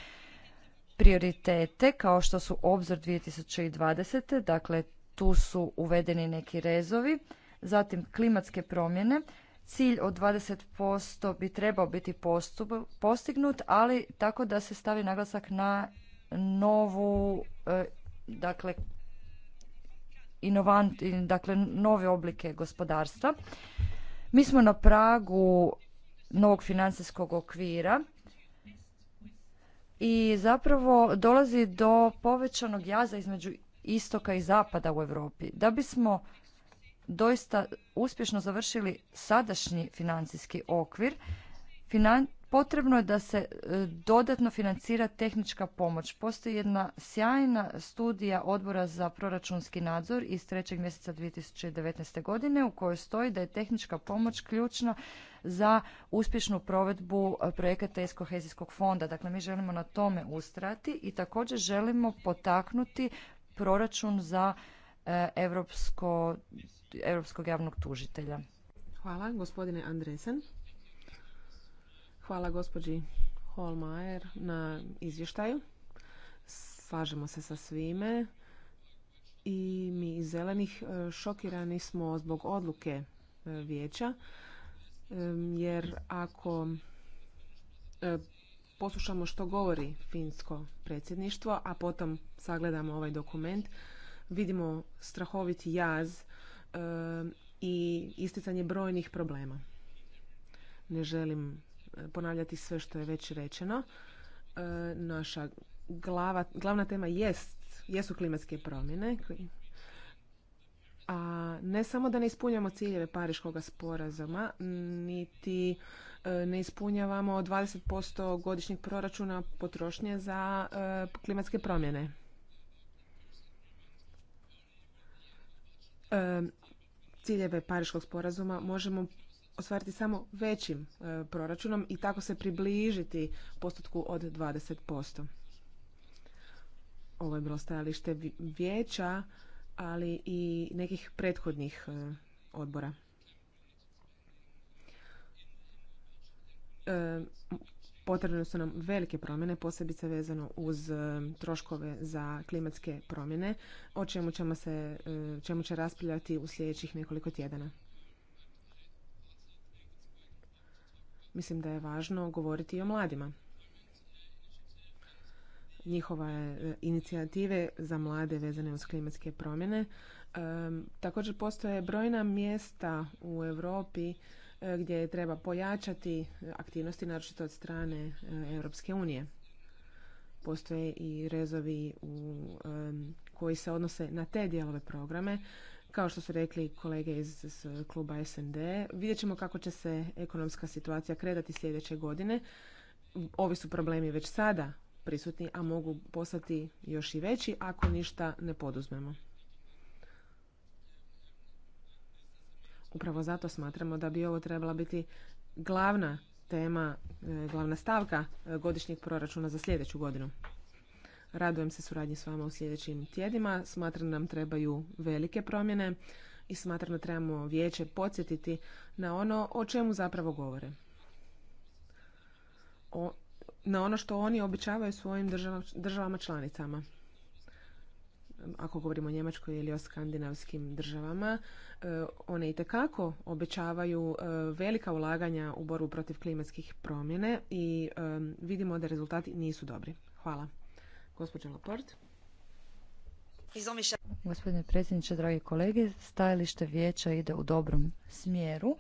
prioritete kao što su obzor 2020. Dakle, tu su uvedeni neki rezovi. Zatim klimatske promjene. Cilj od 20% bi trebao biti postup, postignut, ali tako da se stavi naglasak na novu, e, dakle, inovant, dakle, nove oblike gospodarstva. Mi smo na pragu novog financijskog okvira i zapravo dolazi do povećanog jaza između istoka i zapada u Europi. Da bismo doista uspješno završili sadašnji financijski okvir, potrebno je da se e, dodatno financira tehnička pomoć. Postoji jedna sjajna studija odbora za proračunski nadzor iz 3. mjeseca 2019. godine u kojoj stoji da je tehnička pomoć ključna za uspješnu provedbu e, projekata iz kohezijskog fonda. Dakle, mi želimo na tome ustrati i također želimo potaknuti proračun za e, evropsko, Europskog javnog tužitelja. Hvala, gospodine Andresen. Hvala gospođi Holmajer na izvještaju. Slažemo se sa svime i mi iz zelenih e, šokirani smo zbog odluke e, vijeća jer ako poslušamo što govori finsko predsjedništvo, a potom sagledamo ovaj dokument, vidimo strahoviti jaz e, i isticanje brojnih problema. Ne želim e, ponavljati sve što je već rečeno. E, naša glava, glavna tema jest, jesu klimatske promjene, a ne samo da ne ispunjavamo ciljeve Pariškog sporazuma, niti ne ispunjavamo 20% godišnjeg proračuna potrošnje za klimatske promjene. ciljeve Pariškog sporazuma možemo ostvariti samo većim e, proračunom i tako se približiti postotku od 20%. Ovo je bilo stajalište vijeća, ali i nekih prethodnih e, odbora potrebne su nam velike promjene, posebice vezano uz e, troškove za klimatske promjene, o čemu, ćemo se, e, čemu će raspravljati u sljedećih nekoliko tjedana. Mislim da je važno govoriti i o mladima. Njihove inicijative za mlade vezane uz klimatske promjene. E, također postoje brojna mjesta u Europi E, gdje treba pojačati aktivnosti, naročito od strane e, Europske unije. Postoje i rezovi u, e, koji se odnose na te dijelove programe. Kao što su rekli kolege iz, kluba SND, vidjet ćemo kako će se ekonomska situacija kredati sljedeće godine. Ovi su problemi već sada prisutni, a mogu postati još i veći ako ništa ne poduzmemo. Upravo zato smatramo da bi ovo trebala biti glavna tema, e, glavna stavka e, godišnjeg proračuna za sljedeću godinu. Radujem se suradnji s vama u sljedećim tjedima. Smatram nam trebaju velike promjene i smatram da trebamo vijeće podsjetiti na ono o čemu zapravo govore. O, na ono što oni običavaju svojim državama članicama ako govorimo o Njemačkoj ili o skandinavskim državama, e, one i tekako obećavaju e, velika ulaganja u borbu protiv klimatskih promjene i e, vidimo da rezultati nisu dobri. Hvala. Gospodin Gospodine predsjedniče, dragi kolege, stajalište vijeća ide u dobrom smjeru.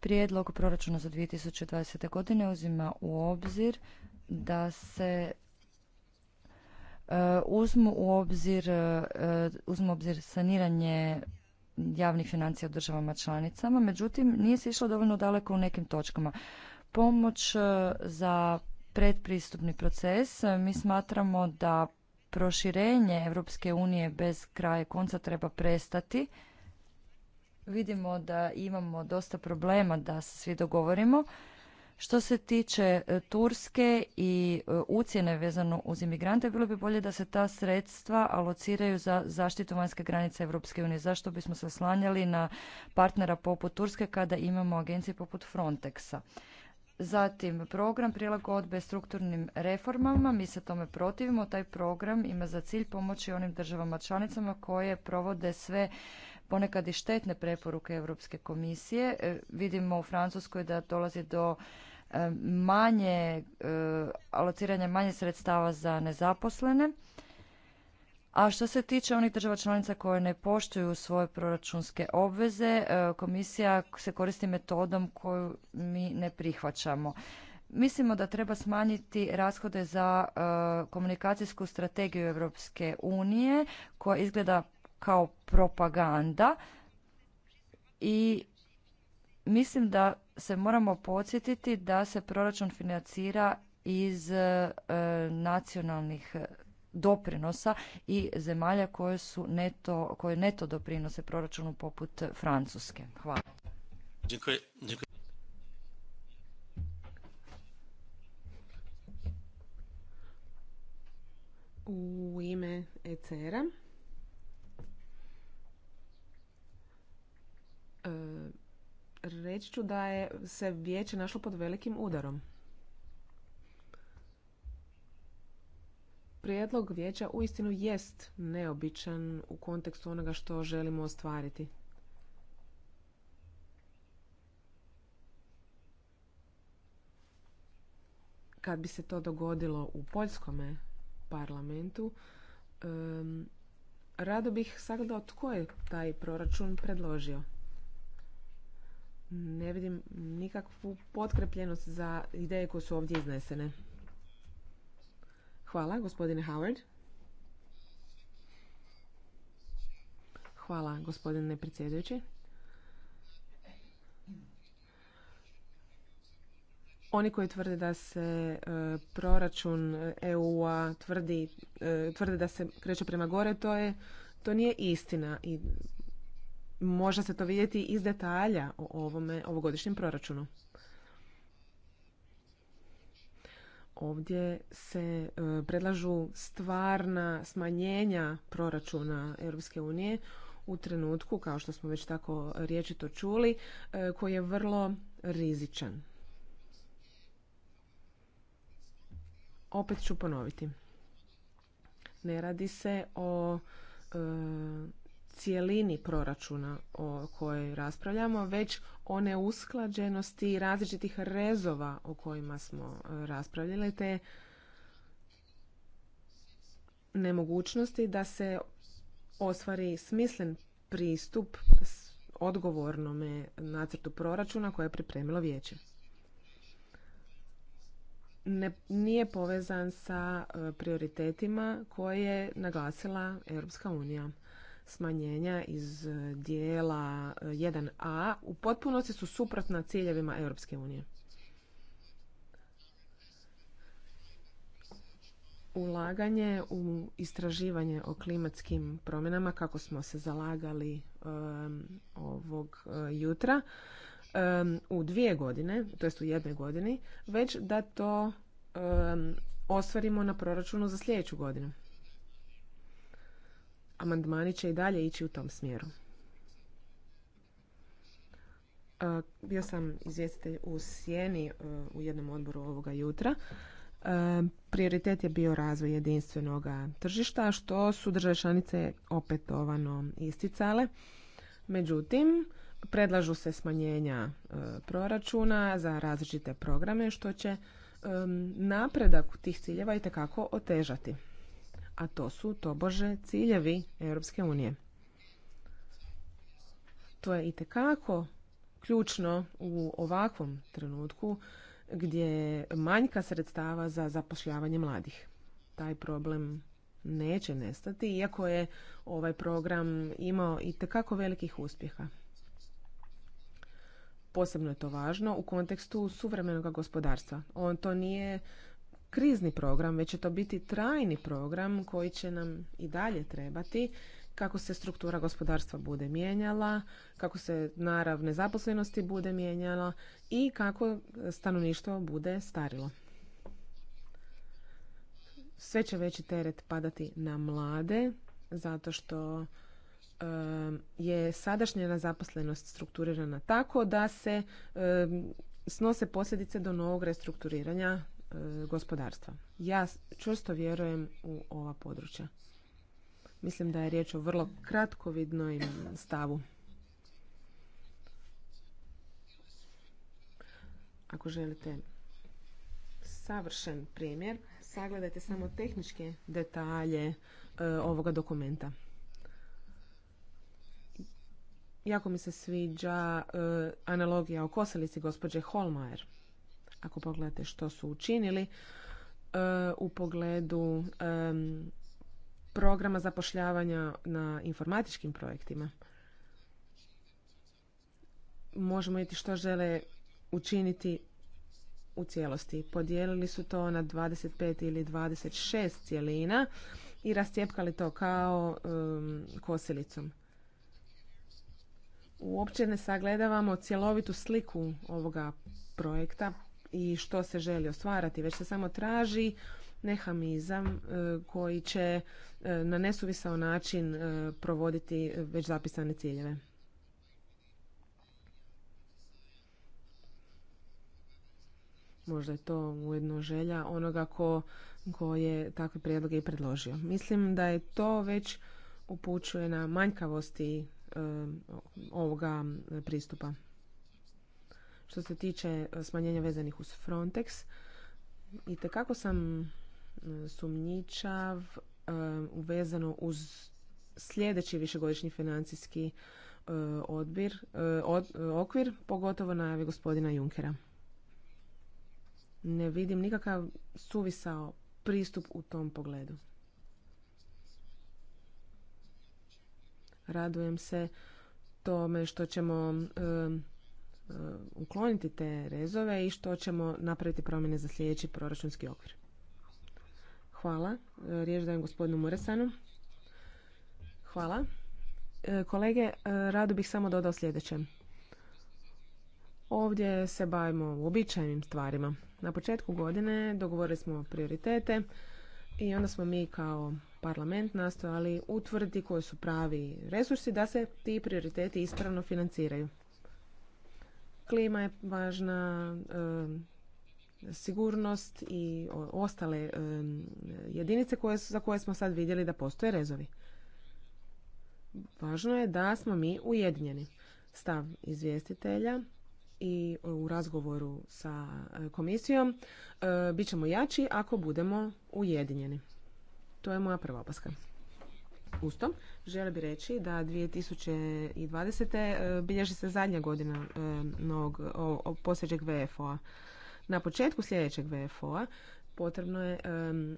Prijedlog proračuna za 2020. godine uzima u obzir da se E, uzmu u obzir, e, e, uzmu obzir saniranje javnih financija u državama članicama, međutim nije se išlo dovoljno daleko u nekim točkama. Pomoć za predpristupni proces, mi smatramo da proširenje Europske unije bez kraja konca treba prestati. Vidimo da imamo dosta problema da se svi dogovorimo što se tiče e, Turske i e, ucjene vezano uz imigrante, bilo bi bolje da se ta sredstva alociraju za zaštitu vanjske granice Europske unije. Zašto bismo se slanjali na partnera poput Turske kada imamo agencije poput Frontexa? Zatim program prilagodbe strukturnim reformama, mi se tome protivimo, taj program ima za cilj pomoći onim državama članicama koje provode sve ponekad i štetne preporuke Europske komisije. E, vidimo u Francuskoj da dolazi do e, manje e, alociranja manje sredstava za nezaposlene a što se tiče onih država članica koje ne poštuju svoje proračunske obveze, e, komisija se koristi metodom koju mi ne prihvaćamo. Mislimo da treba smanjiti rashode za e, komunikacijsku strategiju Europske unije koja izgleda kao propaganda i mislim da se moramo podsjetiti da se proračun financira iz e, nacionalnih doprinosa i zemalja koje su neto, koje neto doprinose proračunu poput Francuske. Hvala. U ime ECR-a e, reći ću da je se vijeće našlo pod velikim udarom. prijedlog vijeća uistinu jest neobičan u kontekstu onoga što želimo ostvariti. Kad bi se to dogodilo u poljskome parlamentu, rado bih sagledao tko je taj proračun predložio. Ne vidim nikakvu potkrepljenost za ideje koje su ovdje iznesene. Hvala, gospodine Howard. Hvala, gospodine predsjedajući. Oni koji tvrde da se e, proračun EU-a tvrdi, e, tvrde da se kreće prema gore, to je to nije istina i može se to vidjeti iz detalja o ovome ovogodišnjem proračunu. ovdje se e, predlažu stvarna smanjenja proračuna Europske unije u trenutku, kao što smo već tako riječito čuli, e, koji je vrlo rizičan. Opet ću ponoviti. Ne radi se o e, cjelini proračuna o kojoj raspravljamo, već o neusklađenosti različitih rezova o kojima smo raspravljali, te nemogućnosti da se ostvari smislen pristup s odgovornome nacrtu proračuna koje je pripremilo vijeće. Ne, nije povezan sa e, prioritetima koje je naglasila Europska unija smanjenja iz e, dijela 1a e, u potpunosti su suprotna ciljevima Europske unije. Ulaganje u istraživanje o klimatskim promjenama kako smo se zalagali ovog e, jutra u dvije godine, to jest u jednoj godini, već da to ostvarimo na proračunu za sljedeću godinu amandmani će i dalje ići u tom smjeru. E, bio sam izvjestitelj u Sjeni e, u jednom odboru ovoga jutra. E, prioritet je bio razvoj jedinstvenog tržišta, što su države članice opetovano isticale. Međutim, predlažu se smanjenja proračuna za različite programe, što će napredak tih ciljeva i tekako otežati a to su tobože ciljevi Europske unije. To je itekako ključno u ovakvom trenutku gdje manjka sredstava za zapošljavanje mladih. Taj problem neće nestati, iako je ovaj program imao i tekako velikih uspjeha. Posebno je to važno u kontekstu suvremenog gospodarstva. On to nije krizni program, već će to biti trajni program koji će nam i dalje trebati kako se struktura gospodarstva bude mijenjala, kako se narav nezaposlenosti bude mijenjala i kako stanovništvo bude starilo. Sve će veći teret padati na mlade zato što je sadašnja nezaposlenost strukturirana tako da se snose posljedice do novog restrukturiranja E, gospodarstva. Ja čvrsto vjerujem u ova područja. Mislim da je riječ o vrlo kratkovidnoj stavu. Ako želite savršen primjer, sagledajte samo tehničke detalje e, ovoga dokumenta. Jako mi se sviđa e, analogija o koselici gospođe Holmajer ako pogledate što su učinili e, u pogledu programa zapošljavanja na informatičkim projektima. Možemo vidjeti što žele učiniti u cijelosti. Podijelili su to na 25 ili 26 cijelina i rastjepkali to kao kosilicom. Uopće ne sagledavamo cjelovitu sliku ovoga projekta i što se želi ostvarati, već se samo traži nehamizam e, koji će e, na nesuvisao način e, provoditi već zapisane ciljeve. Možda je to ujedno želja onoga ko, ko je takve prijedloge i predložio. Mislim da je to već upućuje na manjkavosti ovoga pristupa. Što se tiče e, smanjenja vezanih uz Frontex, i tekako sam e, sumnjičav uvezano e, uz sljedeći višegodišnji financijski odbir, okvir, pogotovo najavi gospodina Junkera. Ne vidim nikakav suvisao pristup u tom pogledu. Radujem se tome što ćemo E, ukloniti te rezove i što ćemo napraviti promjene za sljedeći proračunski okvir. Hvala. E, riječ dajem gospodinu Muresanu. Hvala. E, kolege, rado bih samo dodao sljedeće. Ovdje se bavimo uobičajenim stvarima. Na početku godine dogovorili smo prioritete i onda smo mi kao parlament nastojali utvrditi koji su pravi resursi da se ti prioriteti ispravno financiraju. Klima je važna sigurnost i ostale jedinice koje su, za koje smo sad vidjeli da postoje rezovi. Važno je da smo mi ujedinjeni. Stav izvjestitelja i u razgovoru sa e, komisijom e, bit ćemo jači ako budemo ujedinjeni. To je moja prva opaska ustom, želim bi reći da 2020. E, bilježi se zadnja godina e, novog, posljednjeg VFO-a. Na početku sljedećeg VFO-a potrebno je e,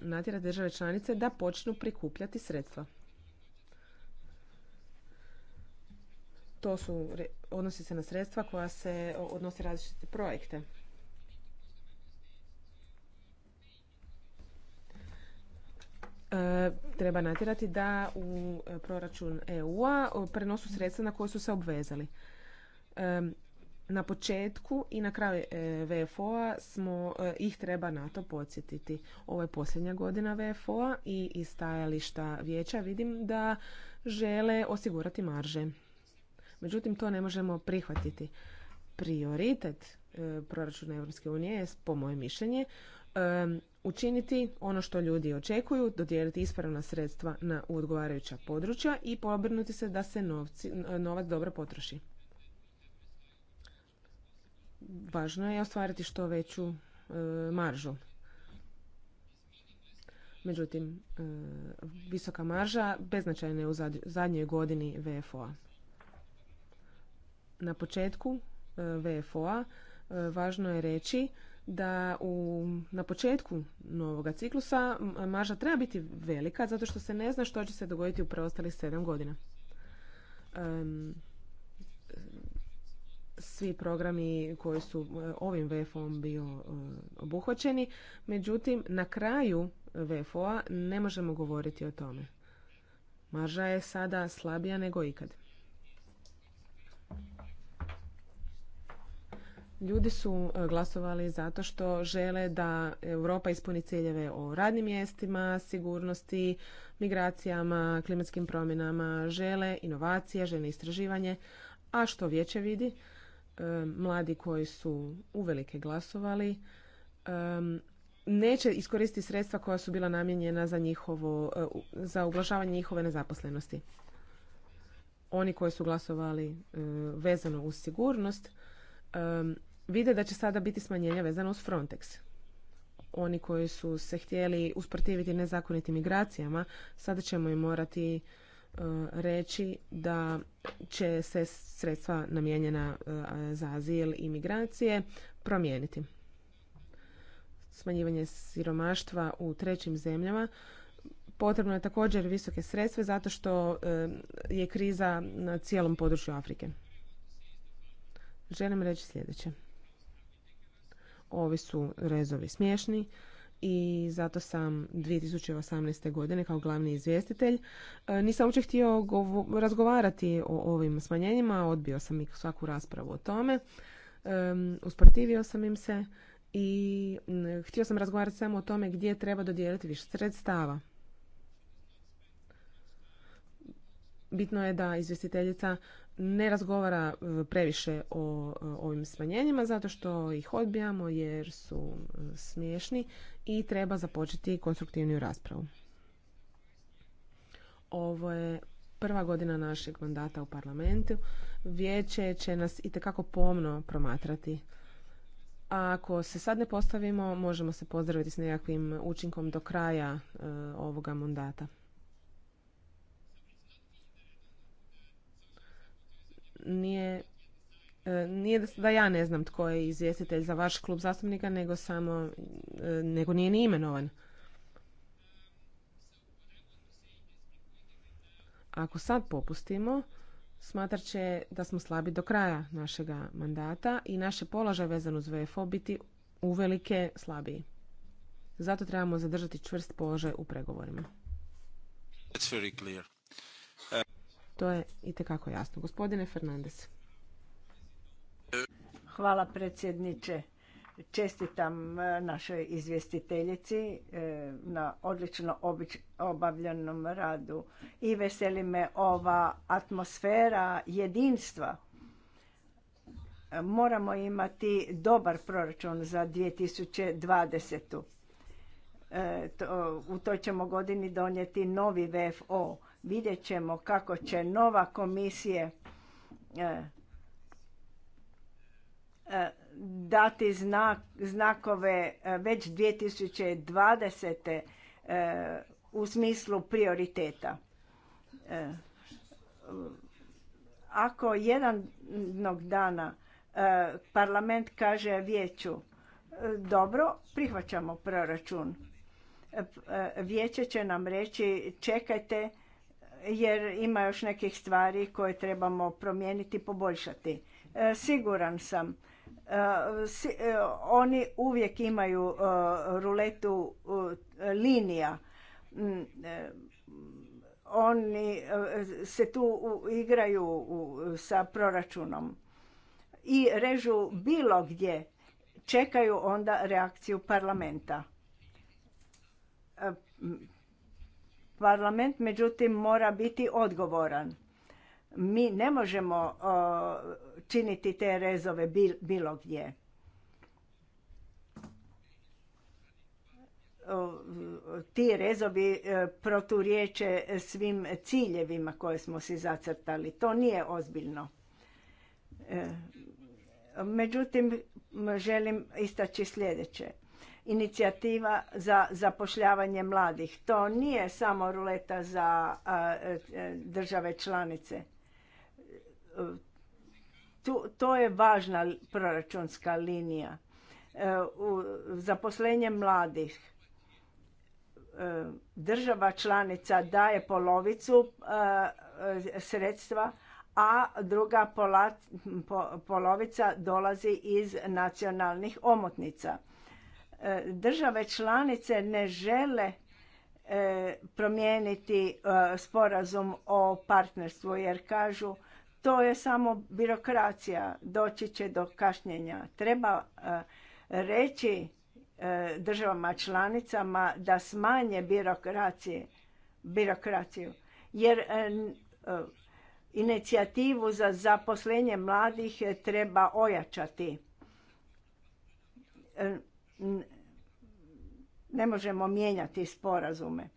natjerati države članice da počnu prikupljati sredstva. To su, odnosi se na sredstva koja se odnosi različite projekte. E, treba natjerati da u e, proračun EU-a e, prenosu sredstva na koje su se obvezali. Na početku i na kraju VFO-a smo, ih treba na to podsjetiti. Ovo je posljednja godina VFO-a i iz stajališta vijeća vidim da žele osigurati marže. Međutim, to ne možemo prihvatiti. Prioritet proračuna Europske unije je, po mojem mišljenju, um, učiniti ono što ljudi očekuju, dodijeliti ispravna sredstva na odgovarajuća područja i pobrinuti se da se novci, novac dobro potroši. Važno je ostvariti što veću eh, maržu. Međutim, eh, visoka marža beznačajna je u zadnjoj godini VFO-a. Na početku eh, VFO-a važno je reći da u, na početku novoga ciklusa marža treba biti velika zato što se ne zna što će se dogoditi u preostalih sedam godina. svi programi koji su e, ovim VFO-om bio e, obuhvaćeni, međutim na kraju VFO-a ne možemo govoriti o tome. Marža je sada slabija nego ikad. Ljudi su e, glasovali zato što žele da Europa ispuni ciljeve o radnim mjestima, sigurnosti, migracijama, klimatskim promjenama, žele inovacije, žele istraživanje. A što vijeće vidi? E, mladi koji su uvelike glasovali e, neće iskoristiti sredstva koja su bila namijenjena za, njihovo, za uglašavanje njihove nezaposlenosti. Oni koji su glasovali vezano uz sigurnost, vide da će sada biti smanjenja vezano uz Frontex. Oni koji su se htjeli usprotiviti nezakonitim migracijama, sada ćemo im morati e, reći da će se sredstva namijenjena e, za azil i migracije promijeniti. Smanjivanje siromaštva u trećim zemljama potrebno je također visoke sredstve zato što e, je kriza na cijelom području Afrike. Želim reći sljedeće. Ovi su rezovi smiješni i zato sam 2018. godine kao glavni izvjestitelj e, nisam uopće htio razgovarati o ovim smanjenjima, odbio sam ih svaku raspravu o tome, usprotivio sam im se i htio sam razgovarati samo o tome gdje treba dodijeliti više sredstava. bitno je da izvjestiteljica ne razgovara e, previše o e, ovim smanjenjima zato što ih odbijamo jer su e, smiješni i treba započeti konstruktivniju raspravu. Ovo je prva godina našeg mandata u parlamentu. Vijeće će nas itekako pomno promatrati. A ako se sad ne postavimo, možemo se pozdraviti s nekakvim učinkom do kraja ovoga mandata. nije e, nije da ja ne znam tko je izvjestitelj za vaš klub zastupnika, nego samo, e, nego nije ni imenovan. Ako sad popustimo, smatrat će da smo slabi do kraja našega mandata i naše položaj vezano uz VFO biti uvelike slabiji. Zato trebamo zadržati čvrst položaj u pregovorima. It's very clear. To je itekako jasno. Gospodine Fernandez. Hvala predsjedniče. Čestitam e, našoj izvjestiteljici e, na odlično obavljenom radu i veseli me ova atmosfera jedinstva. Moramo imati dobar proračun za 2020. E, u toj ćemo godini donijeti novi VFO Vidjet ćemo kako će nova komisija e, e, dati znakove e, već 2020. u smislu prioriteta. Ako jednog dana parlament kaže vijeću dobro, prihvaćamo proračun. Vijeće će nam reći čekajte jer ima još nekih stvari koje trebamo promijeniti i poboljšati. E, siguran sam, e, e, oni uvijek imaju ruletu linija. Mm, oni se tu igraju sa proračunom i režu bilo gdje. Čekaju onda reakciju parlamenta Parlament međutim mora biti odgovoran. Mi ne možemo uh, činiti te rezove bilo gdje. Uh, ti rezovi uh, proturiječe svim ciljevima koje smo si zacrtali. To nije ozbiljno. Međutim, želim istaći sljedeće inicijativa za zapošljavanje mladih. To nije samo ruleta za e, e, države članice. E, to je važna proračunska linija. zaposlenje mladih država članica daje polovicu sredstva, a druga polovica dolazi iz nacionalnih omotnica. Države članice ne žele e, promijeniti e, sporazum o partnerstvu jer kažu to je samo birokracija, doći će do kašnjenja. Treba e, reći državama članicama da smanje birokraciju. Jer inicijativu za zaposlenje mladih treba ojačati. Ne možemo mijenjati sporazume.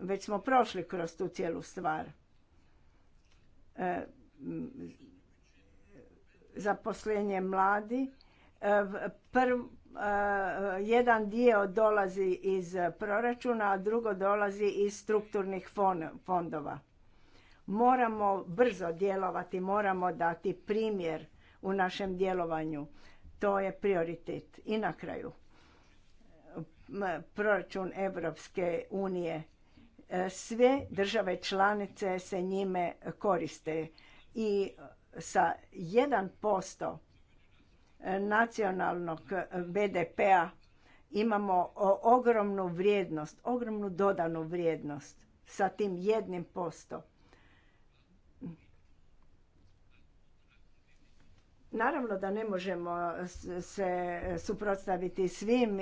Već smo prošli kroz tu cijelu stvar. E, zaposlenje mladi. E, prv, e, jedan dio dolazi iz proračuna, a drugo dolazi iz strukturnih fondova. Moramo brzo djelovati, moramo dati primjer u našem djelovanju. To je prioritet. I na kraju proračun Evropske unije. E, sve države članice se njime koriste i sa 1% nacionalnog BDP-a imamo ogromnu vrijednost, ogromnu dodanu vrijednost sa tim jednim posto. Naravno da ne možemo se suprotstaviti svim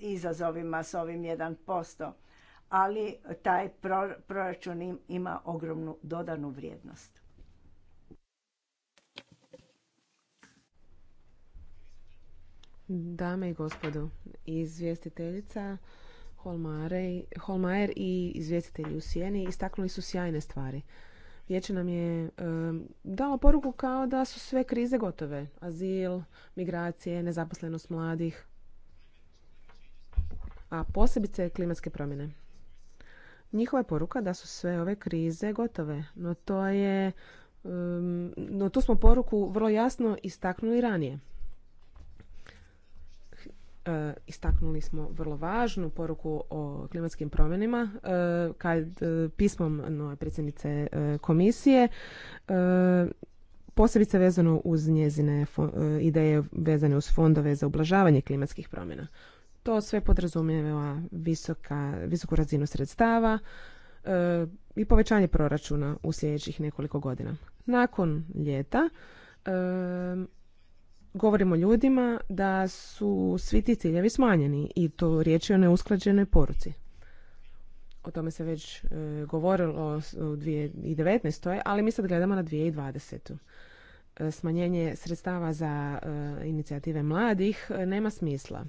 izazovima s ovim 1%, ali taj proračun ima ogromnu dodanu vrijednost. Dame i gospodo, izvjestiteljica Holmajer i izvjestitelji u Sijeni istaknuli su sjajne stvari. Vijeće nam je dalo poruku kao da su sve krize gotove. Azil, migracije, nezaposlenost mladih, a posebice klimatske promjene. Njihova je poruka da su sve ove krize gotove, no to je, no tu smo poruku vrlo jasno istaknuli ranije. E, istaknuli smo vrlo važnu poruku o klimatskim promjenima e, kad e, pismom nove predsjednice komisije posebice vezano uz njezine ideje vezane uz fondove za ublažavanje klimatskih promjena. To sve podrazumijeva visoka, visoku razinu sredstava i povećanje proračuna u sljedećih nekoliko godina. Nakon ljeta govorimo ljudima da su svi ti ciljevi smanjeni i to riječ je o neusklađenoj poruci. O tome se već e, govorilo u 2019. ali mi sad gledamo na 2020. E, smanjenje sredstava za e, inicijative mladih e, nema smisla.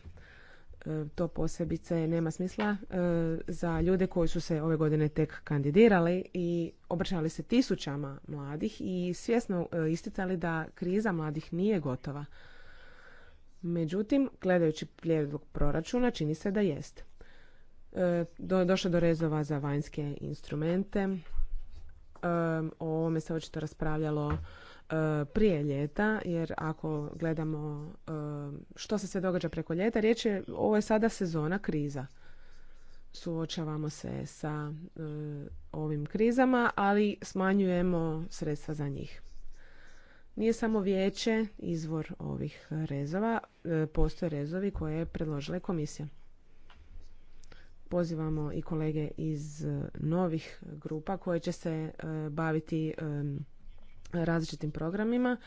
E, to posebice nema smisla e, za ljude koji su se ove godine tek kandidirali i obraćali se tisućama mladih i svjesno e, isticali da kriza mladih nije gotova. Međutim, gledajući prijedlog proračuna, čini se da jest. došlo do rezova za vanjske instrumente. O ovome se očito raspravljalo E, prije ljeta, jer ako gledamo e, što se sve događa preko ljeta, riječ je, ovo je sada sezona kriza. Suočavamo se sa e, ovim krizama, ali smanjujemo sredstva za njih. Nije samo vijeće izvor ovih rezova, postoje rezovi koje je predložila komisija. Pozivamo i kolege iz novih grupa koje će se baviti različitim programima,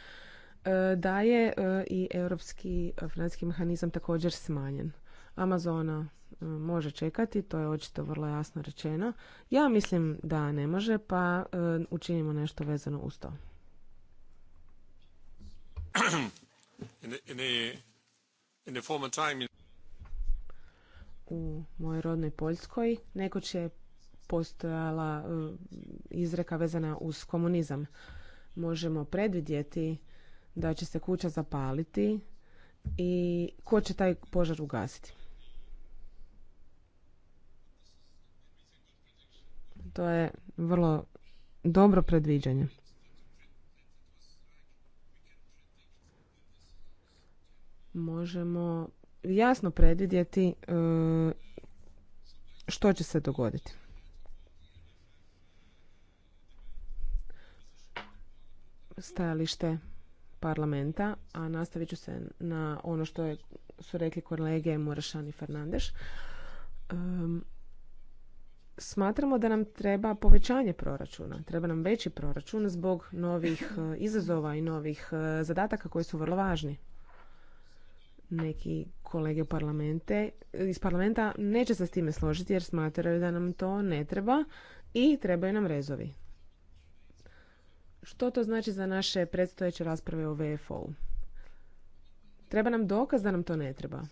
e, da je e, i europski financijski mehanizam također smanjen. Amazona e, može čekati, to je očito vrlo jasno rečeno. Ja mislim da ne može, pa učinimo nešto vezano uz to. U mojoj rodnoj Poljskoj nekoć je postojala izreka vezana uz komunizam možemo predvidjeti da će se kuća zapaliti i ko će taj požar ugasiti. To je vrlo dobro predviđanje. Možemo jasno predvidjeti e, što će se dogoditi. stajalište parlamenta, a nastavit ću se na ono što je, su rekli kolege Murašan i Fernandeš. smatramo da nam treba povećanje proračuna. Treba nam veći proračun zbog novih e, izazova i novih e, zadataka koji su vrlo važni. Neki kolege parlamente, iz parlamenta neće se s time složiti jer smatraju da nam to ne treba i trebaju nam rezovi. Što to znači za naše predstojeće rasprave o vfo Treba nam dokaz da nam to ne treba.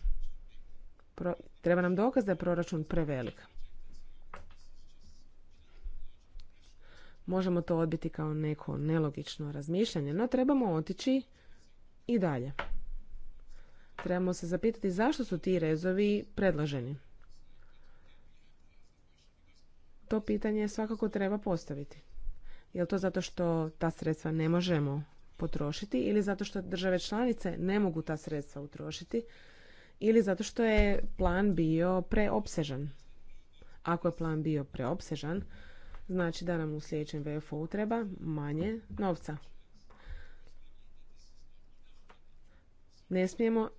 treba nam dokaz da je proračun prevelik. Možemo to odbiti kao neko nelogično razmišljanje, no trebamo otići i dalje. Trebamo se zapitati zašto su ti rezovi predloženi. To pitanje svakako treba postaviti. Je li to zato što ta sredstva ne možemo potrošiti ili zato što države članice ne mogu ta sredstva utrošiti ili zato što je plan bio preopsežan? Ako je plan bio preopsežan, znači da nam u sljedećem vfo treba manje novca. Ne smijemo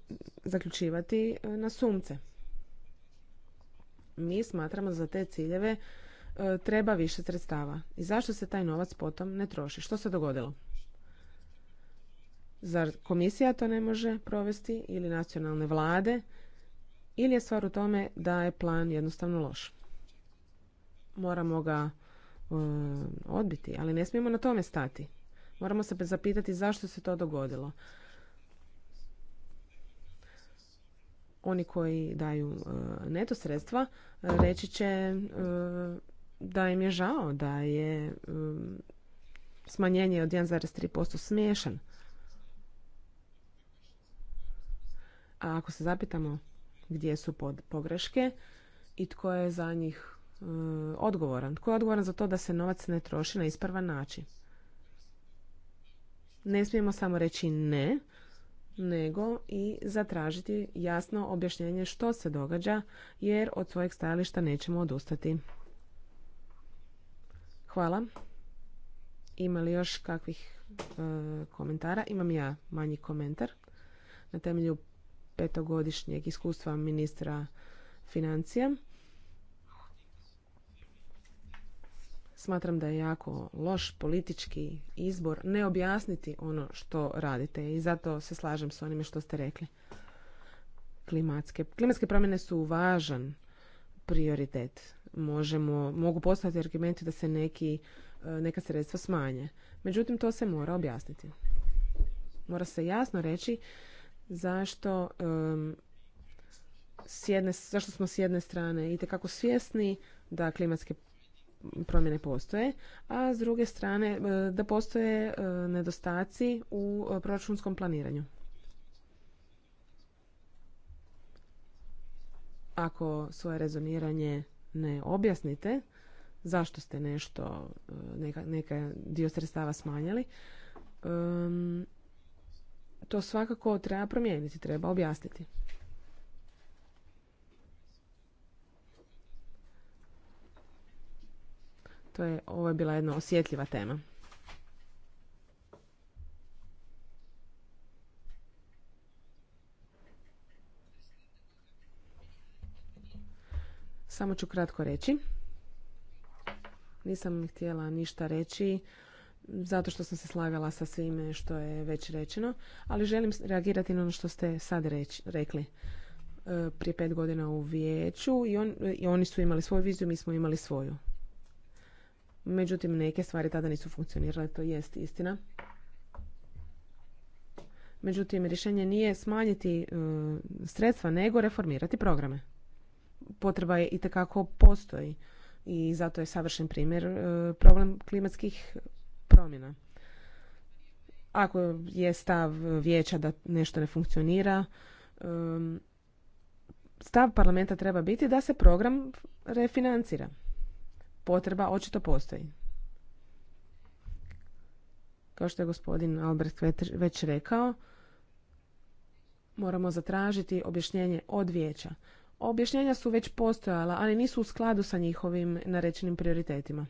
zaključivati e, na sumce. Mi smatramo za te ciljeve E, treba više sredstava. I zašto se taj novac potom ne troši? Što se dogodilo? Zar komisija to ne može provesti ili nacionalne vlade? Ili je stvar u tome da je plan jednostavno loš? Moramo ga e, odbiti, ali ne smijemo na tome stati. Moramo se zapitati zašto se to dogodilo. Oni koji daju e, neto sredstva reći će da im je žao da je um, smanjenje od 1,3% smiješan. A ako se zapitamo gdje su pod pogreške i tko je za njih uh, odgovoran, tko je odgovoran za to da se novac ne troši na ispravan način. Ne smijemo samo reći ne, nego i zatražiti jasno objašnjenje što se događa jer od svojeg stajališta nećemo odustati. Hvala. Ima li još kakvih e, komentara? Imam ja manji komentar. Na temelju petogodišnjeg iskustva ministra financija smatram da je jako loš politički izbor ne objasniti ono što radite i zato se slažem s onime što ste rekli. Klimatske, klimatske promjene su važan prioritet možemo, mogu postaviti argumenti da se neki, e, neka sredstva smanje. Međutim, to se mora objasniti. Mora se jasno reći zašto s jedne, zašto smo s jedne strane itekako svjesni da klimatske promjene postoje, a s druge strane e, da postoje e, nedostaci u proračunskom planiranju. Ako svoje rezoniranje ne objasnite zašto ste nešto, e, neka, neka dio sredstava smanjili, to svakako treba promijeniti, treba objasniti. To je, ovo je bila jedna osjetljiva tema. Samo ću kratko reći. Nisam htjela ništa reći zato što sam se slagala sa svime što je već rečeno, ali želim reagirati na ono što ste sad rekli e, prije pet godina u vijeću i, oni su imali svoju viziju, mi smo imali svoju. Međutim, neke stvari tada nisu funkcionirale, to jest istina. Međutim, rješenje nije smanjiti e, sredstva, nego reformirati programe potreba je i itekako postoji i zato je savršen primjer e, problem klimatskih promjena. Ako je stav vijeća da nešto ne funkcionira, e, stav parlamenta treba biti da se program refinancira. Potreba očito postoji. Kao što je gospodin Albert već rekao, moramo zatražiti objašnjenje od vijeća objašnjenja su već postojala, ali nisu u skladu sa njihovim narečenim prioritetima.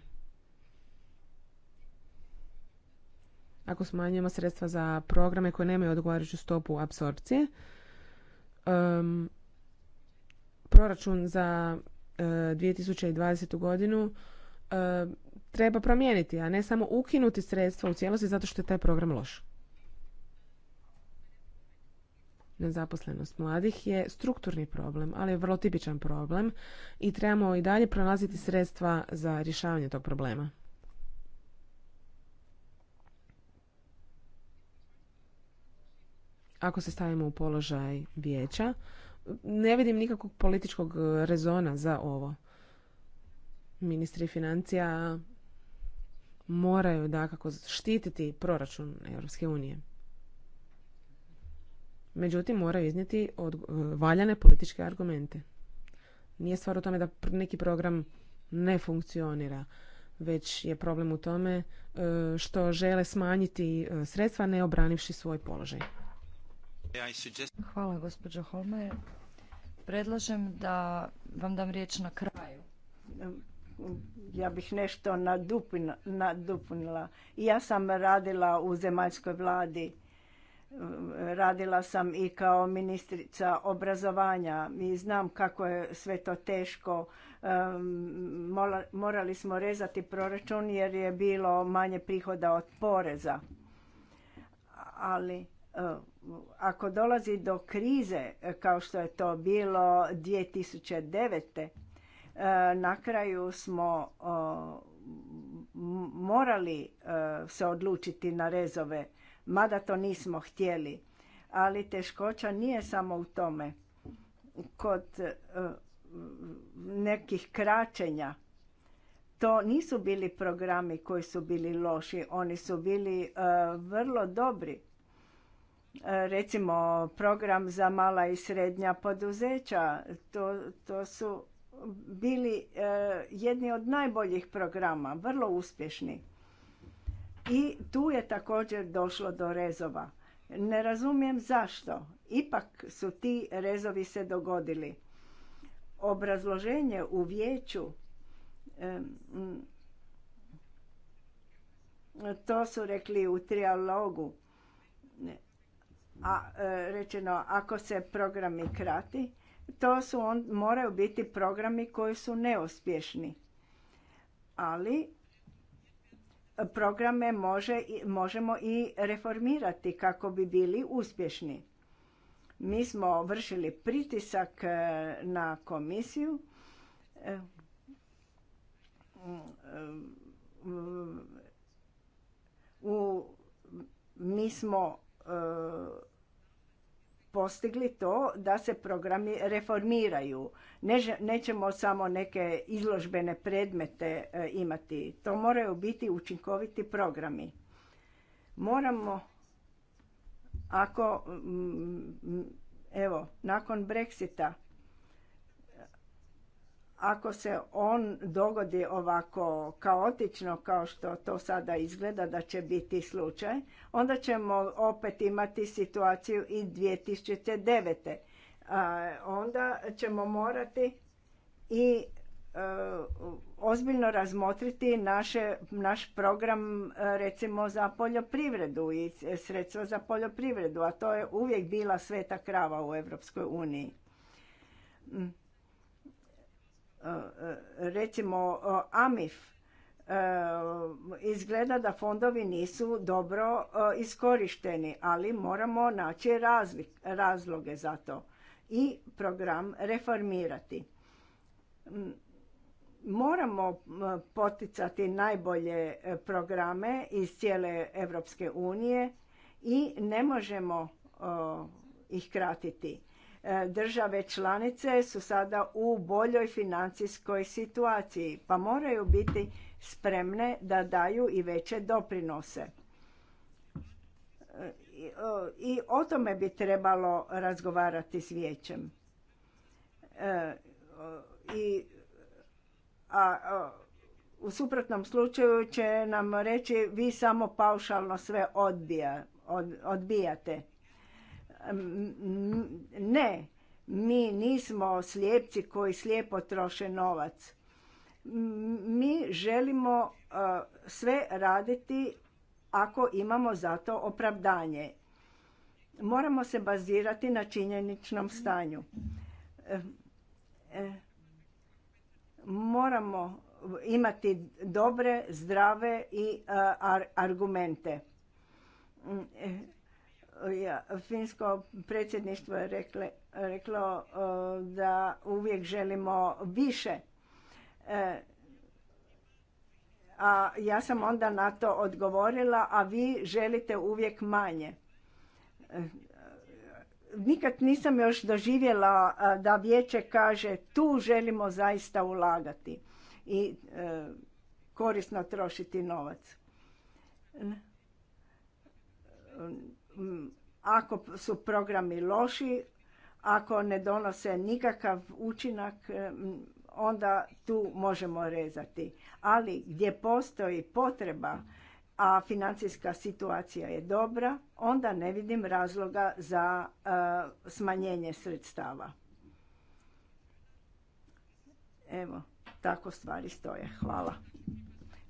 Ako smanjujemo sredstva za programe koje nemaju odgovarajuću stopu apsorpcije, um, proračun za 2020. E, godinu e, treba promijeniti, a ne samo ukinuti sredstva u cijelosti zato što je taj program loš. Nezaposlenost mladih je strukturni problem, ali je vrlo tipičan problem i trebamo i dalje pronalaziti sredstva za rješavanje tog problema. Ako se stavimo u položaj vijeća, ne vidim nikakvog političkog rezona za ovo. Ministri financija moraju dakako štititi proračun Europske unije međutim moraju iznijeti e, valjane političke argumente. Nije stvar u tome da neki program ne funkcionira, već je problem u tome e, što žele smanjiti e, sredstva ne obranivši svoj položaj. Hvala gospođo Predlažem da vam dam riječ na kraju. Ja bih nešto nadupunila. Ja sam radila u zemaljskoj vladi radila sam i kao ministrica obrazovanja i znam kako je sve to teško. Morali smo rezati proračun jer je bilo manje prihoda od poreza. Ali e, ako dolazi do krize e, kao što je to bilo 2009. E, na kraju smo morali se odlučiti na rezove mada to nismo htjeli. Ali teškoća nije samo u tome. Kod e, nekih kraćenja to nisu bili programi koji su bili loši, oni su bili e, vrlo dobri. E, recimo program za mala i srednja poduzeća, to, to su bili jedni od najboljih programa, vrlo uspješni. I tu je također došlo do rezova. Ne razumijem zašto. Ipak su ti rezovi se dogodili. Obrazloženje u vijeću to su rekli u trialogu. A e, rečeno ako se programi krati, to su on, moraju biti programi koji su neuspješni. Ali programe može, možemo i reformirati kako bi bili uspješni. Mi smo vršili pritisak e, na komisiju e, mm, e, u mi smo postigli to da se programi reformiraju. Ne, nećemo samo neke izložbene predmete e, imati. To moraju biti učinkoviti programi. Moramo, ako, evo, nakon Brexita, ako se on dogodi ovako kaotično kao što to sada izgleda da će biti slučaj, onda ćemo opet imati situaciju i 2009. onda ćemo morati i e, ozbiljno razmotriti naše, naš program e, recimo za poljoprivredu i sredstva za poljoprivredu, a to je uvijek bila sveta krava u Europskoj uniji. Mm recimo AMIF, e, izgleda da fondovi nisu dobro e, iskorišteni, ali moramo naći razloge za to i program reformirati. Moramo poticati najbolje e, programe iz cijele Europske unije i ne možemo ih kratiti. E, države članice su sada u boljoj financijskoj situaciji, pa moraju biti spremne da daju i veće doprinose. E, I o tome bi trebalo razgovarati s vijećem. E, I a, u suprotnom slučaju će nam reći vi samo paušalno sve odbijate. Ne, mi nismo slijepci koji slijepo troše novac. Mi želimo e, sve raditi ako imamo za to opravdanje. Moramo se bazirati na činjeničnom stanju. E, moramo imati dobre, zdrave i e, argumente finsko predsjedništvo je reklo da uvijek želimo više. E, a ja sam onda na to odgovorila, a vi želite uvijek manje. E, nikad nisam još doživjela da vijeće kaže tu želimo zaista ulagati i e, korisno trošiti novac ako su programi loši, ako ne donose nikakav učinak, e, onda tu možemo rezati. Ali gdje postoji potreba, a financijska situacija je dobra, onda ne vidim razloga za e, smanjenje sredstava. Evo, tako stvari stoje. Hvala.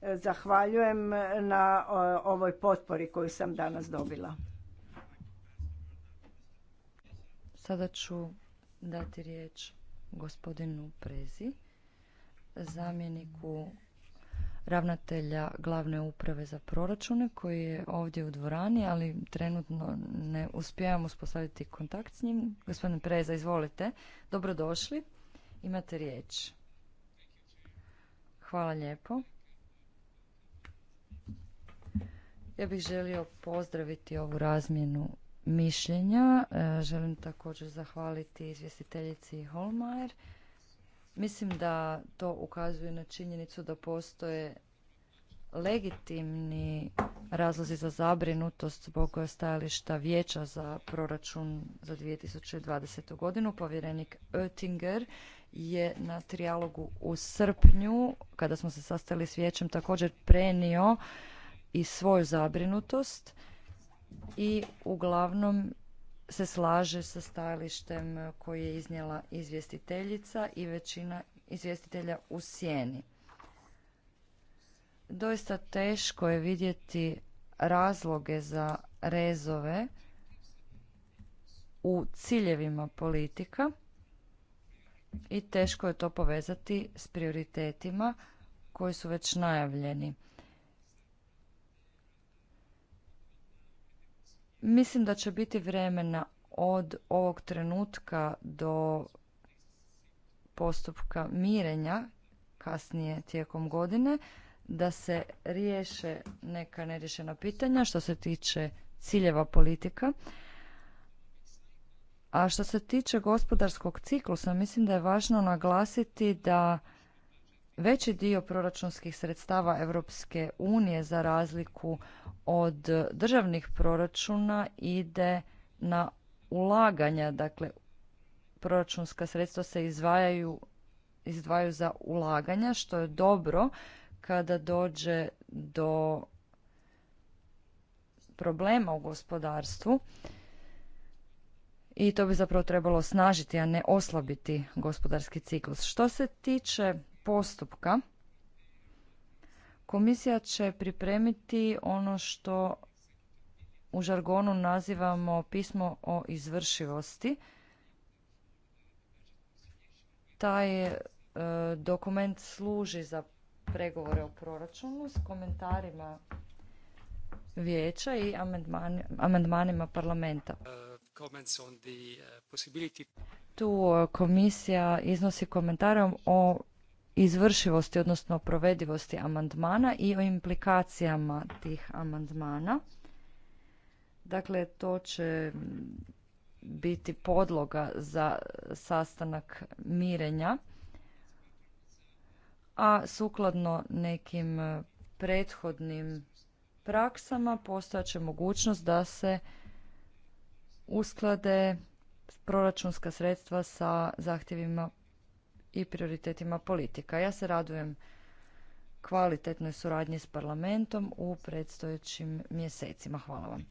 E, zahvaljujem na ovoj potpori koju sam danas dobila. Sada ću dati riječ gospodinu Prezi, zamjeniku ravnatelja glavne uprave za proračune koji je ovdje u dvorani, ali trenutno ne uspijevamo uspostaviti kontakt s njim. Gospodin Preza, izvolite. Dobrodošli. Imate riječ. Hvala lijepo. Ja bih želio pozdraviti ovu razmjenu mišljenja. E, želim također zahvaliti izvjestiteljici Holmajer. Mislim da to ukazuje na činjenicu da postoje legitimni razlozi za zabrinutost zbog stajališta vijeća za proračun za 2020. godinu. Povjerenik Oettinger je na trijalogu u srpnju, kada smo se sastali s vijećem, također prenio i svoju zabrinutost i uglavnom se slaže sa stajalištem koje je iznijela izvjestiteljica i većina izvjestitelja u sjeni. Doista teško je vidjeti razloge za rezove u ciljevima politika i teško je to povezati s prioritetima koji su već najavljeni. Mislim da će biti vremena od ovog trenutka do postupka mirenja kasnije tijekom godine da se riješe neka neriješena pitanja što se tiče ciljeva politika. A što se tiče gospodarskog ciklusa, mislim da je važno naglasiti da veći dio proračunskih sredstava Europske unije za razliku od državnih proračuna ide na ulaganja, dakle proračunska sredstva se izdvajaju, za ulaganja, što je dobro kada dođe do problema u gospodarstvu i to bi zapravo trebalo snažiti, a ne oslabiti gospodarski ciklus. Što se tiče postupka komisija će pripremiti ono što u žargonu nazivamo pismo o izvršivosti taj e, dokument služi za pregovore o proračunu s komentarima vijeća i amandmanima parlamenta. Uh, uh, tu e, komisija iznosi komentarom o izvršivosti, odnosno provedivosti amandmana i o implikacijama tih amandmana. Dakle, to će biti podloga za sastanak mirenja, a sukladno nekim prethodnim praksama postojaće mogućnost da se usklade proračunska sredstva sa zahtjevima i prioritetima politika. Ja se radujem kvalitetnoj suradnji s parlamentom u predstojećim mjesecima. Hvala vam.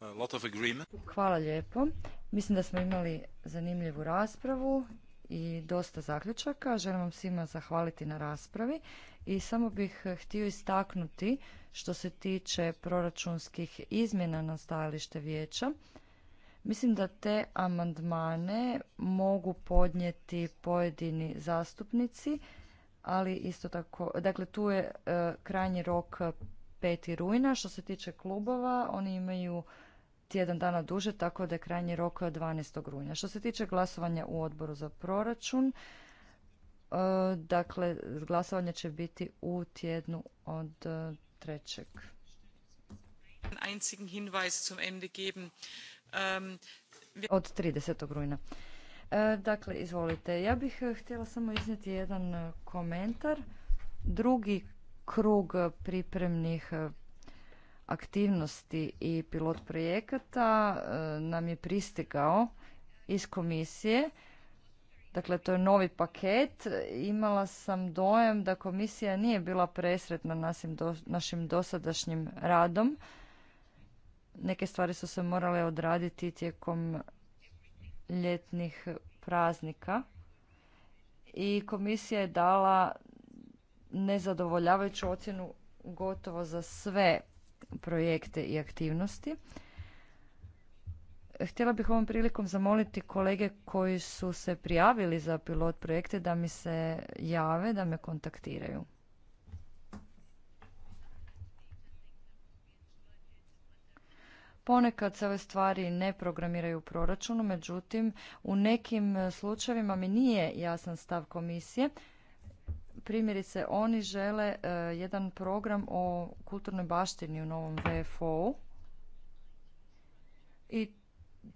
Uh, Hvala lijepo. Mislim da smo imali zanimljivu raspravu i dosta zaključaka. Želim vam svima zahvaliti na raspravi i samo bih eh, htio istaknuti što se tiče proračunskih izmjena na stajalište vijeća. Mislim da te amandmane mogu podnijeti pojedini zastupnici, ali isto tako, dakle tu je e, krajnji rok 5. E, rujna. Što se tiče klubova, oni imaju tjedan dana duže, tako da je krajnji rok 12. E, rujna. Što se tiče glasovanja u odboru za proračun, dakle glasovanje će biti u tjednu od trećeg. Einzigen od 30. rujna. E, dakle, izvolite. Ja bih e, htjela samo iznijeti jedan e, komentar. Drugi krug pripremnih aktivnosti i pilot projekata nam je pristigao iz komisije. Dakle, to je novi paket. Imala sam dojam da komisija nije bila presretna našim dosadašnjim radom neke stvari su se morale odraditi tijekom ljetnih praznika i komisija je dala nezadovoljavajuću ocjenu gotovo za sve projekte i aktivnosti. Htjela bih ovom prilikom zamoliti kolege koji su se prijavili za pilot projekte da mi se jave, da me kontaktiraju. Ponekad se ove stvari ne programiraju u proračunu, međutim u nekim e, slučajevima mi nije jasan stav komisije. Primjerice, oni žele e, jedan program o kulturnoj baštini u novom VFO-u i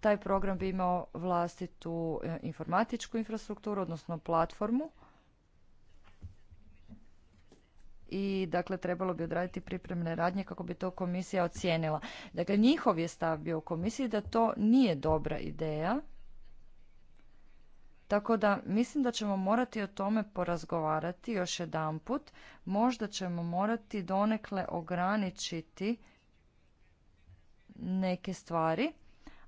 taj program bi imao vlastitu e, informatičku infrastrukturu, odnosno platformu i dakle trebalo bi odraditi pripremne radnje kako bi to komisija ocijenila. Dakle, njihov je stav bio u komisiji da to nije dobra ideja. Tako da mislim da ćemo morati o tome porazgovarati još jedanput. Možda ćemo morati donekle ograničiti neke stvari.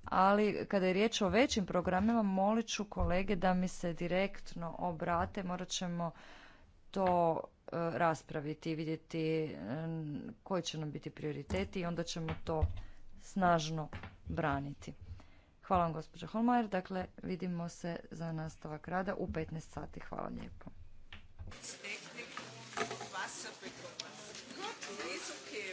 Ali kada je riječ o većim programima, molit ću kolege da mi se direktno obrate. Morat ćemo to E, raspraviti i vidjeti e, koji će nam biti prioriteti i onda ćemo to snažno braniti. Hvala vam gospođa Holmajer. Dakle, vidimo se za nastavak rada u 15 sati. Hvala lijepo.